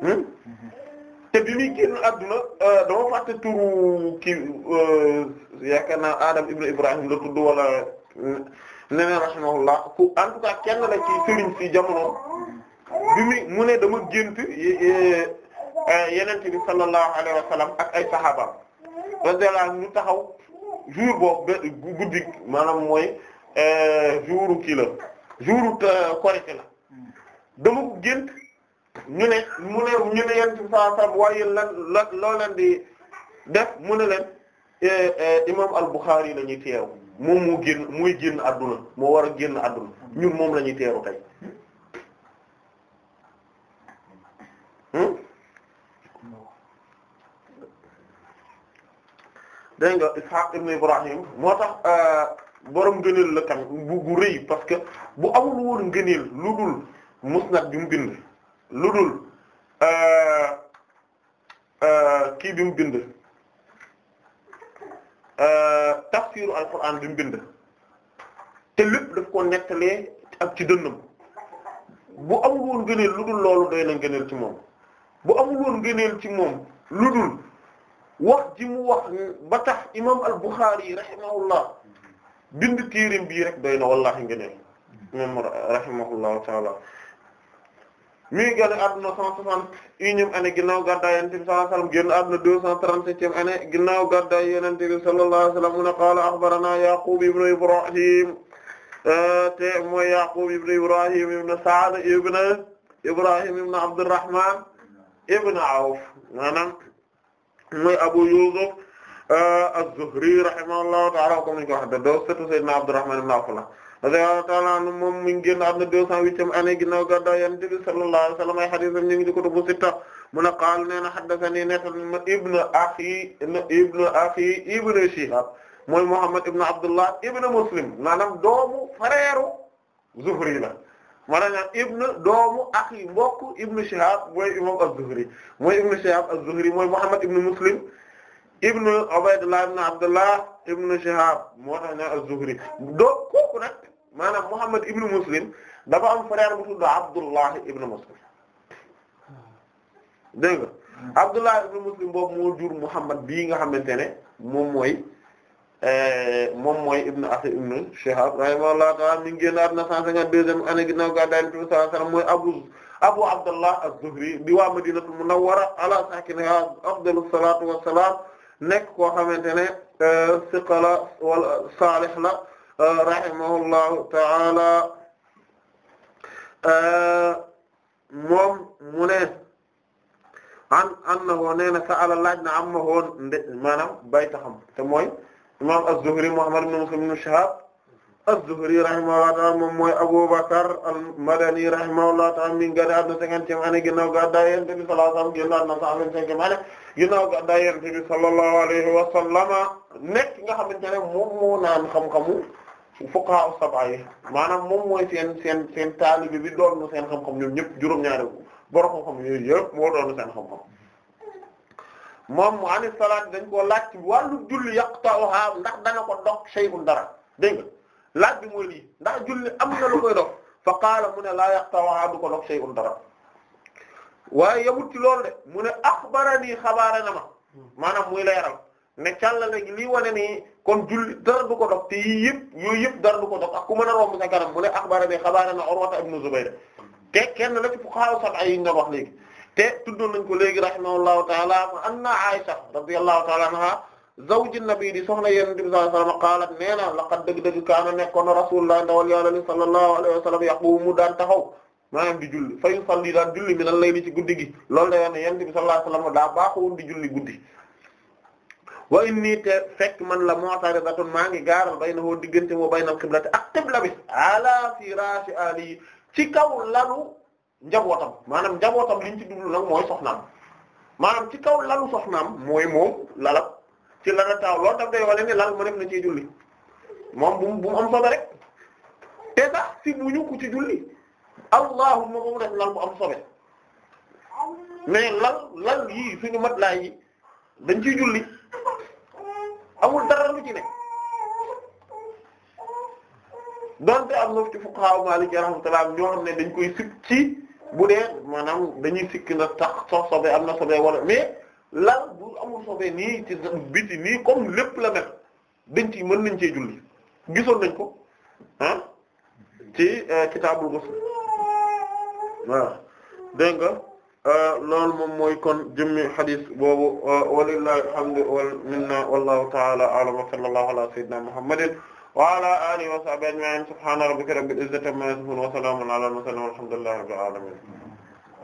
Hmm? te bi muy génn adduna euh, dama fàtte turu kii euh, yaakaar naa Adam ibn Ibrahim la tudd wala euh, neneen rahimahullah ku en tout cas kenn la ci si jamono bi mu ne dama gént yenente bi sallallahu alayhi wa sallam ak ay sahaba radiyallahu anhu ñu taxaw jour boobu ba guddi maanaam mooy jouru kii la jouru korité la dama gént ñu ne mu ne ñu ne yent bi sallallahu alayhi waaye lan di def mu ne leen e, e, imam al-Bukhari lañuy ñuy teeru moom mu génn muy génn adduna moo war a génn adduna ñun moom lañuy ñuy teeru tey hmm? dégg nga Ishaq ibn Ibrahim moo tax euh, borom ngëneel la tamit bu bu rëy parce que bu amul woon ngëneel lu dul musnad bi mu bind lu dul euh, euh, kii bi mu bind euh, tafsiru alquran bi mu bind te lépp daf ko nettalee ak ci dënnam bu amul woon lu dul loolu doy na gëneel ci moom bu amul woon gëneel ci moom lu dul wax ji mu wax ba tax imam al-Bukhari rahimahullah bind tiirim bii rek doy na wallahi ngëneel moom rahimahullahu mi ngi génn àdduna 161e année ginnaaw gàddaay Yonent bi sallallahu alayhi wasallam génn àdduna 237e année ginnaaw gàddaay Yonent bi sallallahu alayhi wasallam mu ne qaala akhbaranaa Yaqub ibn Ibrahim euh, te mooy Yaqub ibn Ibrahim ibn Sa'd ibn Ibrahim ibn Abdurrahman ibn Awf maanaam mooy Abu Yusuf euh, az-Zuhri rahimahullahu ta'ala comme ni ñu ko waxee doo surtout Sayyidina Abdurrahman ibn Awf radiyallahu ta'ala anhu moom mi ngi génn àdduna deux cent huitième année ginnaaw gàddaay Yonent bi sallallahu alayhi wa sallam ay hadiisam ñu ngi ci kutubu sitta mu ne qaala nee na haddathanii nettal ma ibn akhi ibn akhi ibn Shihab mooy Muhammad ibn Abdullah ibn Muslim maanaam doomu frère Zuhri la maanaam ibn doomu akhi mbokk ibn Shihab mooy imam az-Zuhri mooy ibn Shihab az-Zuhri mooy Muhammad ibn Muslim ibn Ubaydullah ibn Abdullah ibn Shihab moo tax ne az-Zuhri doo kooku nag maanaam Muhammad ibnu Muslim dafa am frère bu tudd Abdullah ibnu Muslim dégg nga Abdullah ibnu Muslim boobu moo jur Muhammad bii nga xamante ne moom mooy eh, moom mooy ibnu Asi ibnu Shihab rahimahullahu ta'ala mi ngi génn àdduna 152e année ginnaaw gàddaay Yonent bi a alayhi wasallam mooy Abu Abdullah az-Zuhri di waa Madinatul Munawwara ala sakiniha afdalu salaatu wassalaam nekk koo xamante ne eh, siqa la wala la rahimahullahu ta'ala euh, moom mu ne an annahu nee na sa'ala laaj na amma hoon nde maanaam baytaxam te mooy imam az-Zuhri Muhammad ibn Muslim ibn Shihab az-Zuhri rahimahullahu ta'ala moom mooy Abu Bakr al-Madani rahimahullahu ta'ala mi ngi gane àdduna cinquantième année ginnaaw gàddaay Yonent bi sallallahu alayhi wa sallam génn àdduna cent vingt-cinquième année ginnaaw gàddaay Yonent bi sallallahu alayhi wa sallama nekk nga xamante ne moom moo naan xam-xamu fuqaha as-sab'a maanaam moom mooy seen seen seen taalibe bi doon seen xam-xam ñoom ñëpp juróom-ñaari borom xam-xam yooyu yëpp moo doon seen xam-xam moom mu ani salaat dañ koo laaj ci wàllu julli yaqta'uha ndax dana ko dog shay'un dara dégg nga bi mooy lii ndax julli am na lu koy fa qaala mu ne laa yaqta'uha du ko dog shay'un dara waaye yamut ci loolu de mu ne axbarani xabaara na ma maanaam muy leeral ne càllale gi lii wane nii kon julli dara du ko dox te yii yëpp yooyu yëpp dara du ko dox ak ku mën a romb sa kanam mu ne axbara bi xabaarana Urwata ibnu Zubayr te kenn la ci fuqahaa sab'a ay ñu doon wax léegi te tuddoon nañ ko léegi rahimahullahu taala mu anna Aisha radiyallahu taala anha zawju nabi di soxna yonent bi sallallahu alayhi wasallam qaalat nee na laqad dëgg-dëgg kaana nekkoon rasulullah ndawal yàlla li sallallahu alayhi wasallam yaqumu daan taxaw maanaam di julli fa yusalli daan julli min al ci guddi gi loolu la yoon ne yonent bi sallallahu alayhi daa baaxoon di julli guddi wa inni te fekk man la a mu'taridatun maa ngi gaaral baynahu diggante moo baynal qiblati ak qibla bi ala firashi ali ci kaw lalu njabootam maanaam njabootam liñ ci duglu nag mooy soxnaam maanaam ci kaw lalu soxnaam mooy moom lalab ci lala taaw loolu daf day wale ne lal mu nekk na ci julli moom bu bu mu am sobe rek te sax si bu ñu ku ci julli allahumma moom rek lal bu am sobe mais lal lal yii suñu mat laay yi dañ ciy amul dara lu ci ne donte am na ci fuqaha Maliki am ñoo xam ne dañ koy sib ci bu dee maanaam dañuy sikki na tax sox sobe am na sobe wala mais lan bu amul sobe nii ci biti nii comme lépp la mel dañ ci mën nañ cee julli gisoon nañ ko ah ci euh, kitaabul ghusl waaw dégg nga Euh, loolu moom mooy kon jëmmi xadis boobu euh, walillahi alhamdu wal minna wallahu ta'ala a'lam wa sallallahu ala sayyidina muhammadin wa ala alihi wa sahbihi ajma'in subhana rabbika rabbil izzati amma yasifun wa salamun ala al mursalin walhamdulillahi rabbil alamin